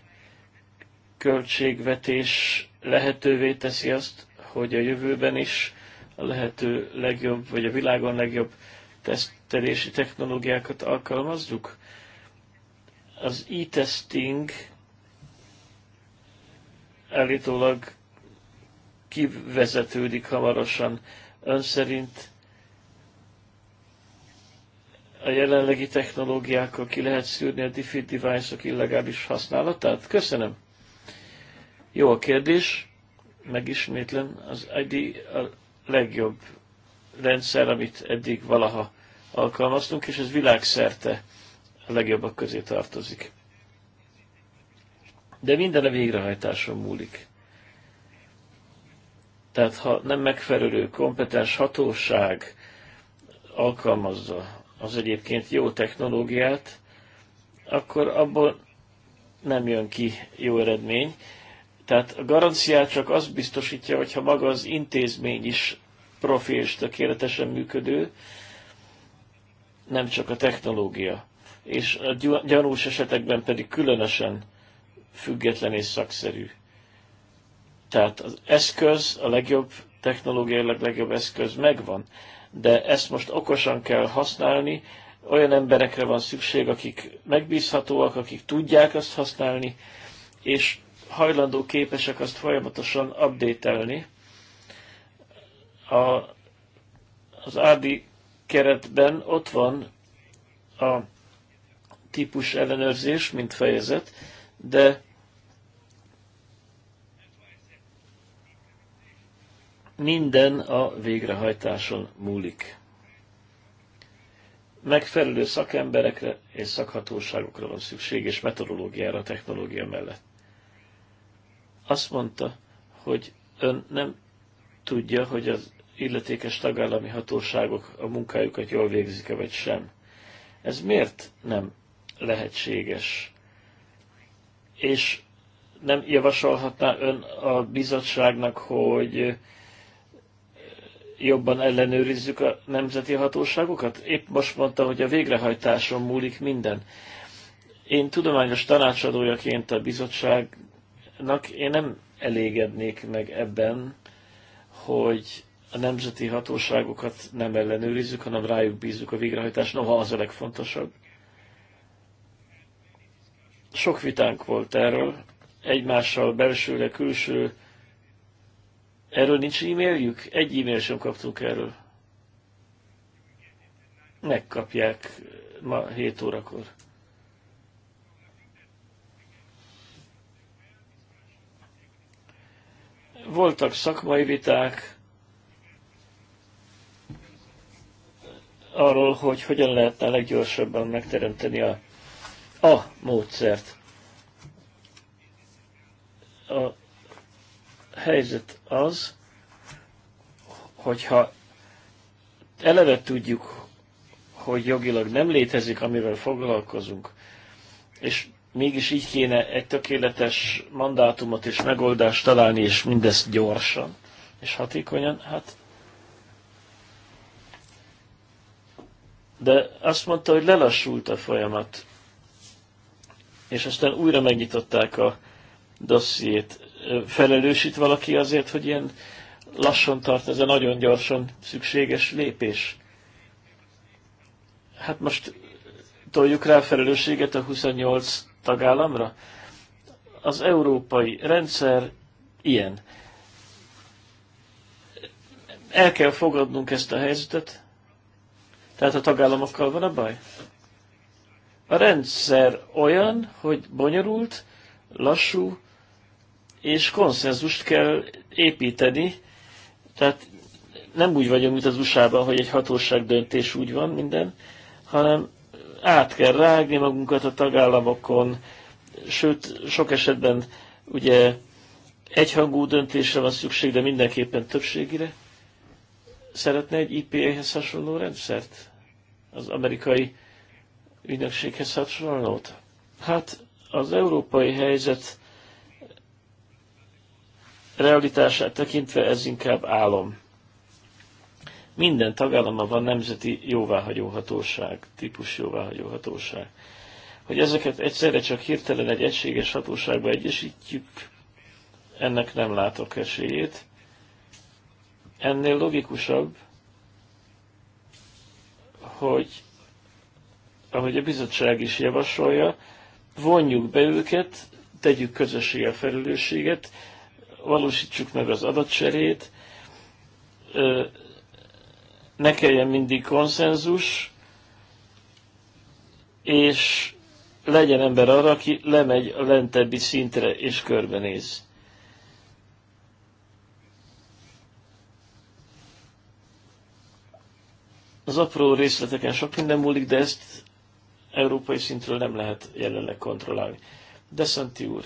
költségvetés lehetővé teszi azt, hogy a jövőben is a lehető legjobb, vagy a világon legjobb tesztelési technológiákat alkalmazzuk? Az e-testing állítólag kivezetődik hamarosan. Ön szerint a jelenlegi technológiákkal ki lehet szűrni a Defeat device-ok illegális használatát? Köszönöm. Jó a kérdés, megismétlem, az ID a legjobb rendszer, amit eddig valaha alkalmaztunk, és ez világszerte a legjobbak közé tartozik. De minden a végrehajtáson múlik. Tehát ha nem megfelelő kompetens hatóság alkalmazza az egyébként jó technológiát, akkor abból nem jön ki jó eredmény. Tehát a garanciát csak az biztosítja, hogyha maga az intézmény is profi és tökéletesen működő, nem csak a technológia és a gyanús esetekben pedig különösen független és szakszerű. Tehát az eszköz, a legjobb technológiailag legjobb eszköz megvan, de ezt most okosan kell használni, olyan emberekre van szükség, akik megbízhatóak, akik tudják azt használni, és hajlandó képesek azt folyamatosan updatelni. A, az ádi keretben ott van a típus ellenőrzés, mint fejezet, de minden a végrehajtáson múlik. Megfelelő szakemberekre és szakhatóságokra van szükség, és metodológiára, technológia mellett. Azt mondta, hogy ön nem tudja, hogy az illetékes tagállami hatóságok a munkájukat jól végzik-e, vagy sem. Ez miért nem lehetséges. És nem javasolhatná ön a bizottságnak, hogy jobban ellenőrizzük a nemzeti hatóságokat? Épp most mondta, hogy a végrehajtáson múlik minden. Én tudományos tanácsadójaként a bizottságnak én nem elégednék meg ebben, hogy a nemzeti hatóságokat nem ellenőrizzük, hanem rájuk bízzuk a végrehajtást, noha az a legfontosabb. Sok vitánk volt erről, egymással belsőre, külső. Erről nincs e-mailjük? Egy e-mail sem kaptunk erről. Megkapják ma 7 órakor. Voltak szakmai viták arról, hogy hogyan lehetne leggyorsabban megteremteni a a módszert. A helyzet az, hogyha eleve tudjuk, hogy jogilag nem létezik, amivel foglalkozunk, és mégis így kéne egy tökéletes mandátumot és megoldást találni, és mindezt gyorsan és hatékonyan, hát de azt mondta, hogy lelassult a folyamat és aztán újra megnyitották a dossziét. Felelősít valaki azért, hogy ilyen lassan tart ez a nagyon gyorsan szükséges lépés? Hát most toljuk rá a felelősséget a 28 tagállamra? Az európai rendszer ilyen. El kell fogadnunk ezt a helyzetet, tehát a tagállamokkal van a baj? A rendszer olyan, hogy bonyolult, lassú, és konszenzust kell építeni, tehát nem úgy vagyunk, mint az USA-ban, hogy egy hatóság döntés úgy van minden, hanem át kell rágni magunkat a tagállamokon, sőt, sok esetben ugye egyhangú döntésre van szükség, de mindenképpen többségire. Szeretne egy IPA-hez hasonló rendszert? Az amerikai ügynökséghez hasonlót? Hát az európai helyzet realitását tekintve ez inkább álom. Minden tagállama van nemzeti jóváhagyóhatóság, típus jóváhagyóhatóság. Hogy ezeket egyszerre csak hirtelen egy egységes hatóságba egyesítjük, ennek nem látok esélyét. Ennél logikusabb, hogy ahogy a bizottság is javasolja, vonjuk be őket, tegyük közössé a felelősséget, valósítsuk meg az adatcserét, ne kelljen mindig konszenzus, és legyen ember arra, aki lemegy a lentebbi szintre és körbenéz. Az apró részleteken sok minden múlik, de ezt európai szintről nem lehet jelenleg kontrollálni. De Szenti úr,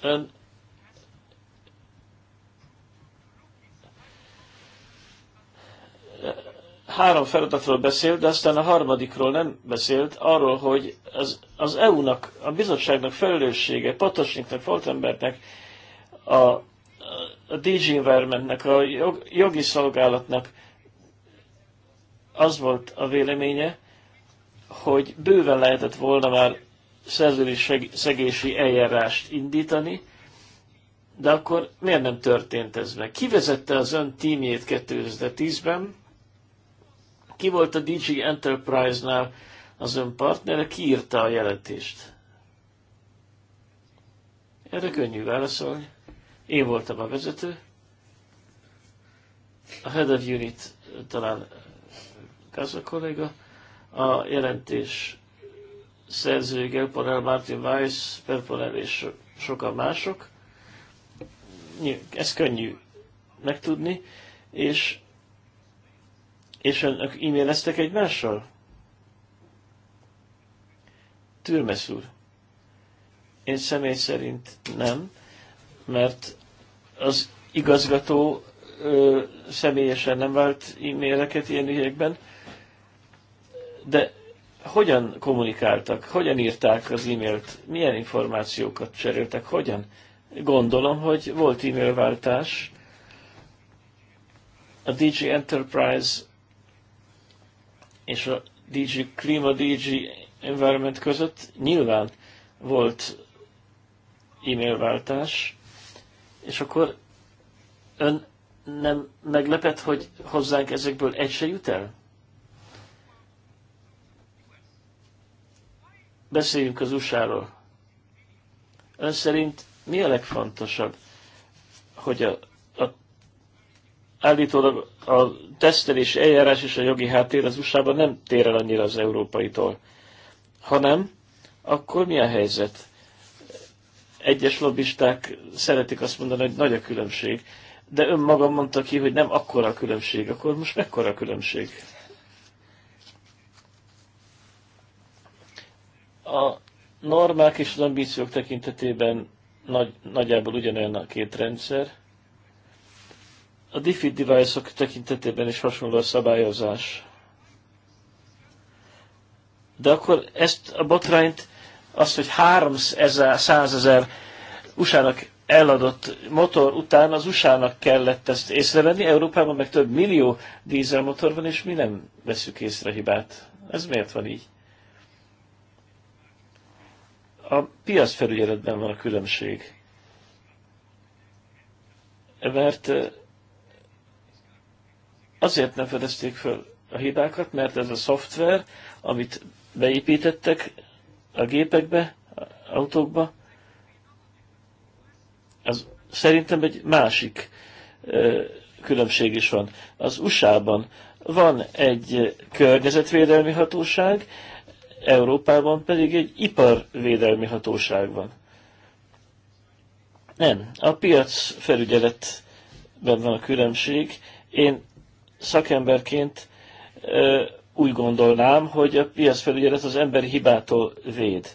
ön három feladatról beszélt, de aztán a harmadikról nem beszélt, arról, hogy az, az EU-nak, a bizottságnak felelőssége, Patosniknak, Foltembernek, a, a DG Environmentnek, a jog, jogi szolgálatnak, az volt a véleménye, hogy bőven lehetett volna már szerződés szegési eljárást indítani, de akkor miért nem történt ez meg? Ki vezette az ön tímjét 2010-ben? Ki volt a DG Enterprise-nál az ön partnere? Ki írta a jelentést? Erre könnyű válaszolni. Én voltam a vezető. A Head of Unit talán Kaza kolléga. A jelentés szerzői Gelporel, Martin Weiss, Perporel és sokan mások. Ez könnyű megtudni, és, és önök e-maileztek egymással? Türmes úr. Én személy szerint nem, mert az igazgató ö, személyesen nem vált e-maileket ilyen ügyekben, de hogyan kommunikáltak, hogyan írták az e-mailt, milyen információkat cseréltek, hogyan. Gondolom, hogy volt e-mail váltás. A DG Enterprise és a DG Klima, DG Environment között nyilván volt e-mail váltás, és akkor ön nem meglepett, hogy hozzánk ezekből egy se jut el? Beszéljünk az USA-ról. Ön szerint mi a legfontosabb, hogy a, a, állítólag a tesztelés, eljárás és a jogi háttér az USA-ban nem tér el annyira az európaitól. hanem akkor mi a helyzet? Egyes lobbisták szeretik azt mondani, hogy nagy a különbség, de ön maga mondta ki, hogy nem akkora a különbség. Akkor most mekkora a különbség? A normák és az ambíciók tekintetében nagy, nagyjából ugyanolyan a két rendszer. A DeFi device -ok tekintetében is hasonló a szabályozás. De akkor ezt a botrányt, azt, hogy 300 ezer USA-nak eladott motor után az USA-nak kellett ezt észrevenni, Európában meg több millió dízelmotor van, és mi nem veszük észre hibát. Ez miért van így? A piacfelügyeletben van a különbség. Mert azért nem fedezték fel a hibákat, mert ez a szoftver, amit beépítettek a gépekbe, autókba, az szerintem egy másik különbség is van. Az USA-ban van egy környezetvédelmi hatóság, Európában pedig egy iparvédelmi hatóság van. Nem, a piac felügyeletben van a különbség. Én szakemberként ö, úgy gondolnám, hogy a piacfelügyelet az emberi hibától véd.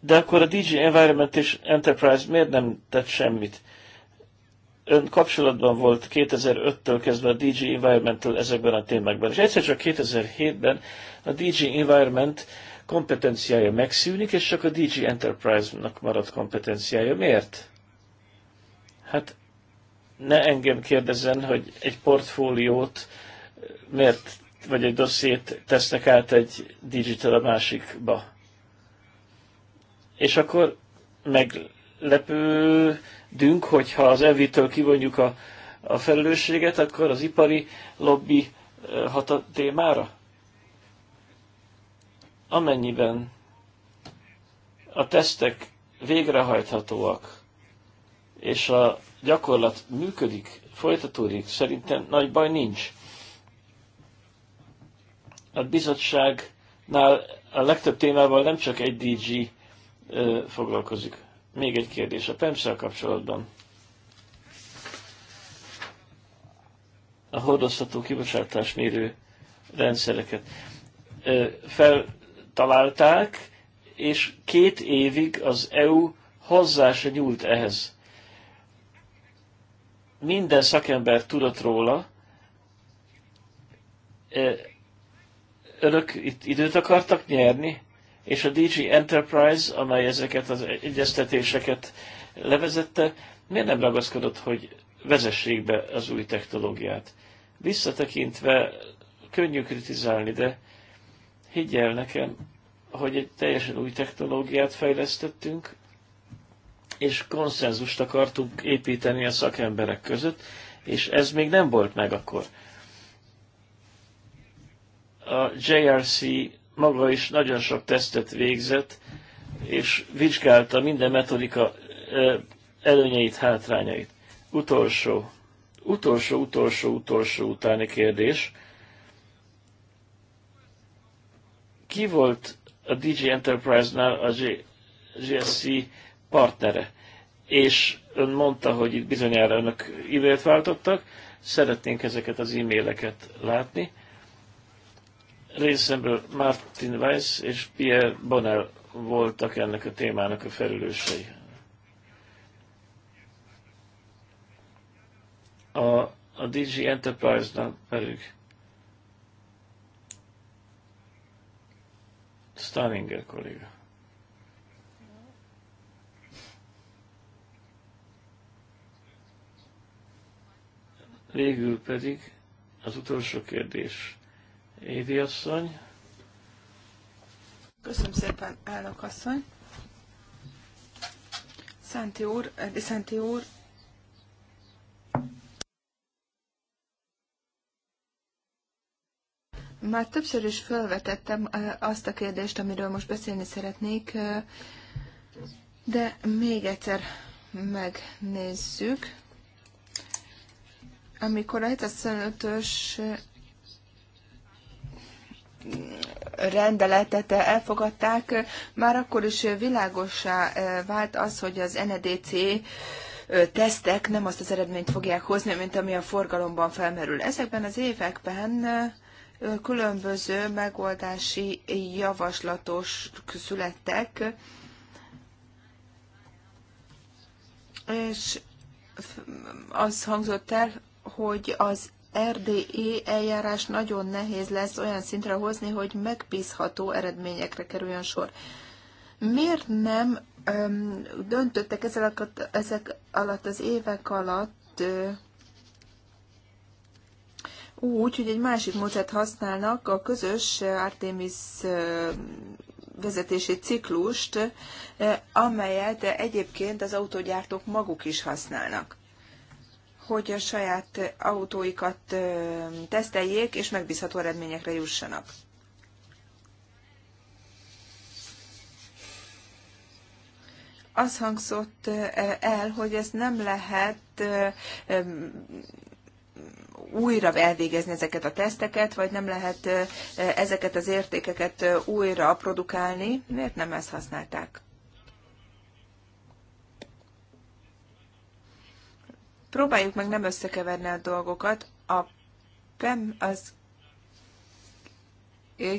De akkor a DG Environment és Enterprise miért nem tett semmit? ön kapcsolatban volt 2005-től kezdve a DG Environmental ezekben a témákban, és egyszer csak 2007-ben a DG Environment kompetenciája megszűnik, és csak a DG Enterprise-nak marad kompetenciája. Miért? Hát ne engem kérdezzen, hogy egy portfóliót eh, miért, vagy egy dossziét tesznek át egy digital a másikba. És akkor meglepő dünk, hogyha az evitől kivonjuk a, a felelősséget, akkor az ipari lobby hat a témára? Amennyiben a tesztek végrehajthatóak, és a gyakorlat működik, folytatódik, szerintem nagy baj nincs. A bizottságnál a legtöbb témával nem csak egy DG foglalkozik. Még egy kérdés a pemsz kapcsolatban. A hordozható kibocsátásmérő rendszereket feltalálták, és két évig az EU hozzá se nyúlt ehhez. Minden szakember tudott róla. Önök itt időt akartak nyerni? és a DG Enterprise, amely ezeket az egyeztetéseket levezette, miért nem ragaszkodott, hogy vezessék be az új technológiát? Visszatekintve könnyű kritizálni, de higgyel nekem, hogy egy teljesen új technológiát fejlesztettünk, és konszenzust akartunk építeni a szakemberek között, és ez még nem volt meg akkor. A JRC maga is nagyon sok tesztet végzett, és vizsgálta minden metodika előnyeit, hátrányait. Utolsó, utolsó, utolsó, utolsó utáni kérdés. Ki volt a DJ Enterprise-nál a GSC partnere? És ön mondta, hogy itt bizonyára önök e-mailt váltottak, szeretnénk ezeket az e-maileket látni részemről Martin Weiss és Pierre Bonnel voltak ennek a témának a felülősei. A, a DG Enterprise-nak pedig Stanninger kolléga. Végül pedig az utolsó kérdés Évi asszony. Köszönöm szépen, elnök asszony. Szenti úr, Edi eh, Szenti úr, Már többször is felvetettem eh, azt a kérdést, amiről most beszélni szeretnék, eh, de még egyszer megnézzük. Amikor a 75 ös rendeletet elfogadták, már akkor is világosá eh, vált az, hogy az NEDC eh, tesztek nem azt az eredményt fogják hozni, mint ami a forgalomban felmerül. Ezekben az években eh, különböző megoldási javaslatos születtek, és az hangzott el, hogy az RDE eljárás nagyon nehéz lesz olyan szintre hozni, hogy megbízható eredményekre kerüljön sor. Miért nem öm, döntöttek ezek, ezek alatt az évek alatt ö, úgy, hogy egy másik módszert használnak, a közös Artemis vezetési ciklust, amelyet egyébként az autógyártók maguk is használnak hogy a saját autóikat teszteljék, és megbízható eredményekre jussanak. Az hangzott el, hogy ez nem lehet újra elvégezni ezeket a teszteket, vagy nem lehet ezeket az értékeket újra produkálni. Miért nem ezt használták? Próbáljuk meg nem összekeverni a dolgokat. A PEM az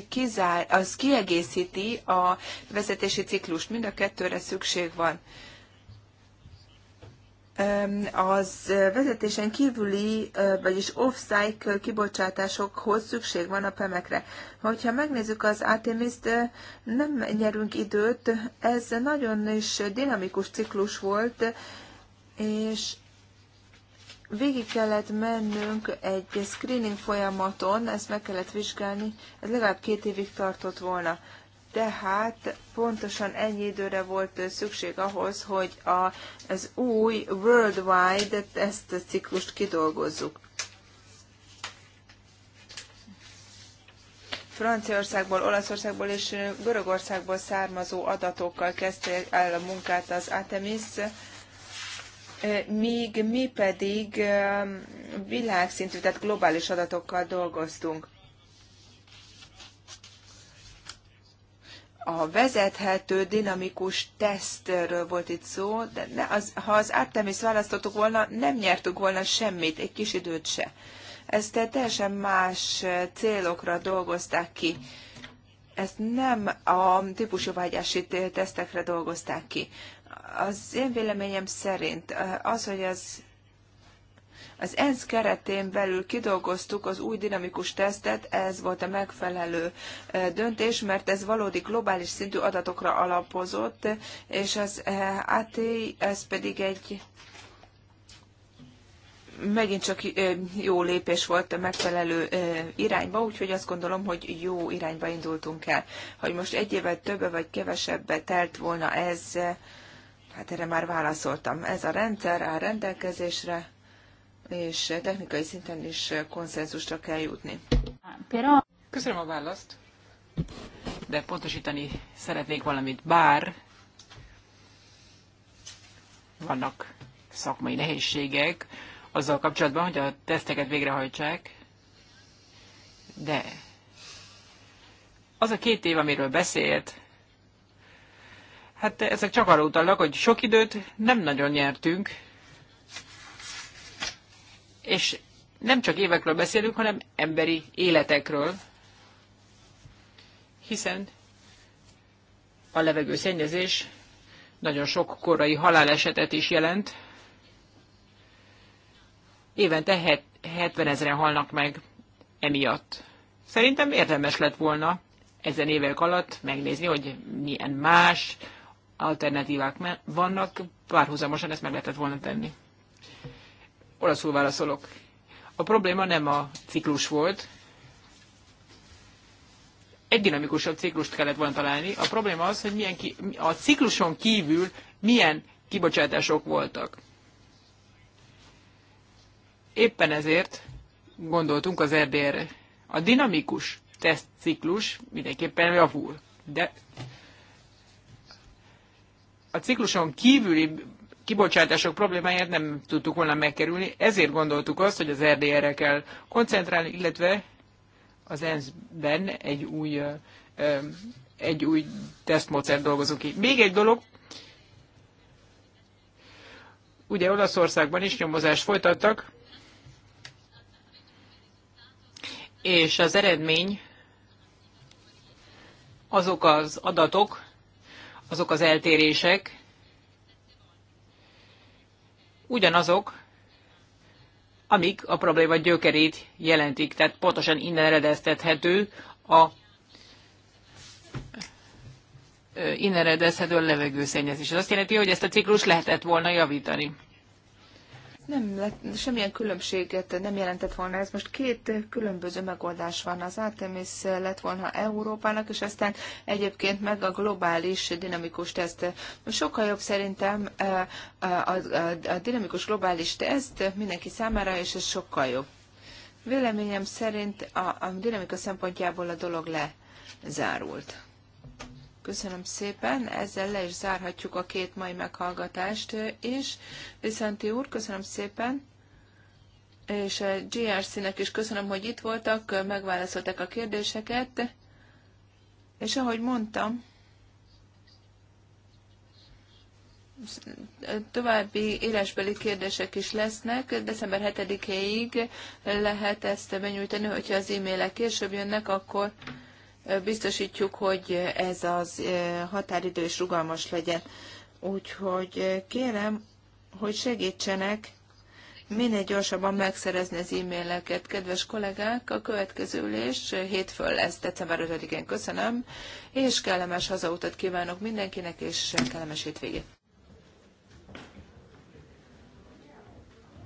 kizár, az kiegészíti a vezetési ciklust. Mind a kettőre szükség van. Az vezetésen kívüli, vagyis off-cycle kibocsátásokhoz szükség van a PEMekre. Hogyha megnézzük az Artemis-t, nem nyerünk időt, ez nagyon is dinamikus ciklus volt, és végig kellett mennünk egy screening folyamaton, ezt meg kellett vizsgálni, ez legalább két évig tartott volna. Tehát pontosan ennyi időre volt szükség ahhoz, hogy a, az új worldwide ezt a ciklust kidolgozzuk. Franciaországból, Olaszországból és Görögországból származó adatokkal kezdte el a munkát az Artemis míg mi pedig világszintű, tehát globális adatokkal dolgoztunk. a vezethető dinamikus tesztről volt itt szó, de ne az, ha az Artemis választottuk volna, nem nyertük volna semmit, egy kis időt se. Ezt teljesen más célokra dolgozták ki. Ezt nem a típusú vágyási tesztekre dolgozták ki. Az én véleményem szerint az, hogy az az ENSZ keretén belül kidolgoztuk az új dinamikus tesztet, ez volt a megfelelő döntés, mert ez valódi globális szintű adatokra alapozott, és az AT, ez pedig egy megint csak jó lépés volt a megfelelő irányba, úgyhogy azt gondolom, hogy jó irányba indultunk el. Hogy most egy évvel többe vagy kevesebbe telt volna ez Hát erre már válaszoltam. Ez a rendszer áll rendelkezésre, és technikai szinten is konszenzusra kell jutni. Köszönöm a választ, de pontosítani szeretnék valamit, bár vannak szakmai nehézségek azzal kapcsolatban, hogy a teszteket végrehajtsák, de az a két év, amiről beszélt, Hát ezek csak arra utalnak, hogy sok időt nem nagyon nyertünk, és nem csak évekről beszélünk, hanem emberi életekről, hiszen a levegőszennyezés nagyon sok korai halálesetet is jelent. Évente 70 ezeren halnak meg emiatt. Szerintem érdemes lett volna ezen évek alatt megnézni, hogy milyen más alternatívák vannak, párhuzamosan ezt meg lehetett volna tenni. Olaszul válaszolok. A probléma nem a ciklus volt, egy dinamikusabb ciklust kellett volna találni. A probléma az, hogy milyen ki, a cikluson kívül milyen kibocsátások voltak. Éppen ezért gondoltunk az erdélyre. A dinamikus tesztciklus mindenképpen javul, de a cikluson kívüli kibocsátások problémáját nem tudtuk volna megkerülni, ezért gondoltuk azt, hogy az RDR-re kell koncentrálni, illetve az ENSZ-ben egy új, egy új tesztmódszer dolgozunk ki. Még egy dolog, ugye Olaszországban is nyomozást folytattak, és az eredmény azok az adatok, azok az eltérések ugyanazok, amik a probléma gyökerét jelentik. Tehát pontosan innen eredeztethető a innen eredezhető a levegőszennyezés. Ez azt jelenti, hogy ezt a ciklus lehetett volna javítani. Nem lett, semmilyen különbséget nem jelentett volna ez. Most két különböző megoldás van. Az Artemis lett volna Európának, és aztán egyébként meg a globális dinamikus teszt. Sokkal jobb szerintem eh, eh, a, a, a dinamikus globális teszt mindenki számára, és ez sokkal jobb. Véleményem szerint a, a dinamika szempontjából a dolog lezárult. Köszönöm szépen, ezzel le is zárhatjuk a két mai meghallgatást is. Viszonti úr, köszönöm szépen, és a eh, GRC-nek is köszönöm, hogy itt voltak, eh, megválaszolták a kérdéseket, és ahogy mondtam, további élesbeli kérdések is lesznek. December 7-éig lehet ezt benyújtani, hogyha az e-mailek később jönnek, akkor biztosítjuk, hogy ez az határidő is rugalmas legyen. Úgyhogy kérem, hogy segítsenek minél gyorsabban megszerezni az e-maileket. Kedves kollégák, a következő ülés hétfőn lesz, december 5-én köszönöm, és kellemes hazautat kívánok mindenkinek, és kellemes hétvégét.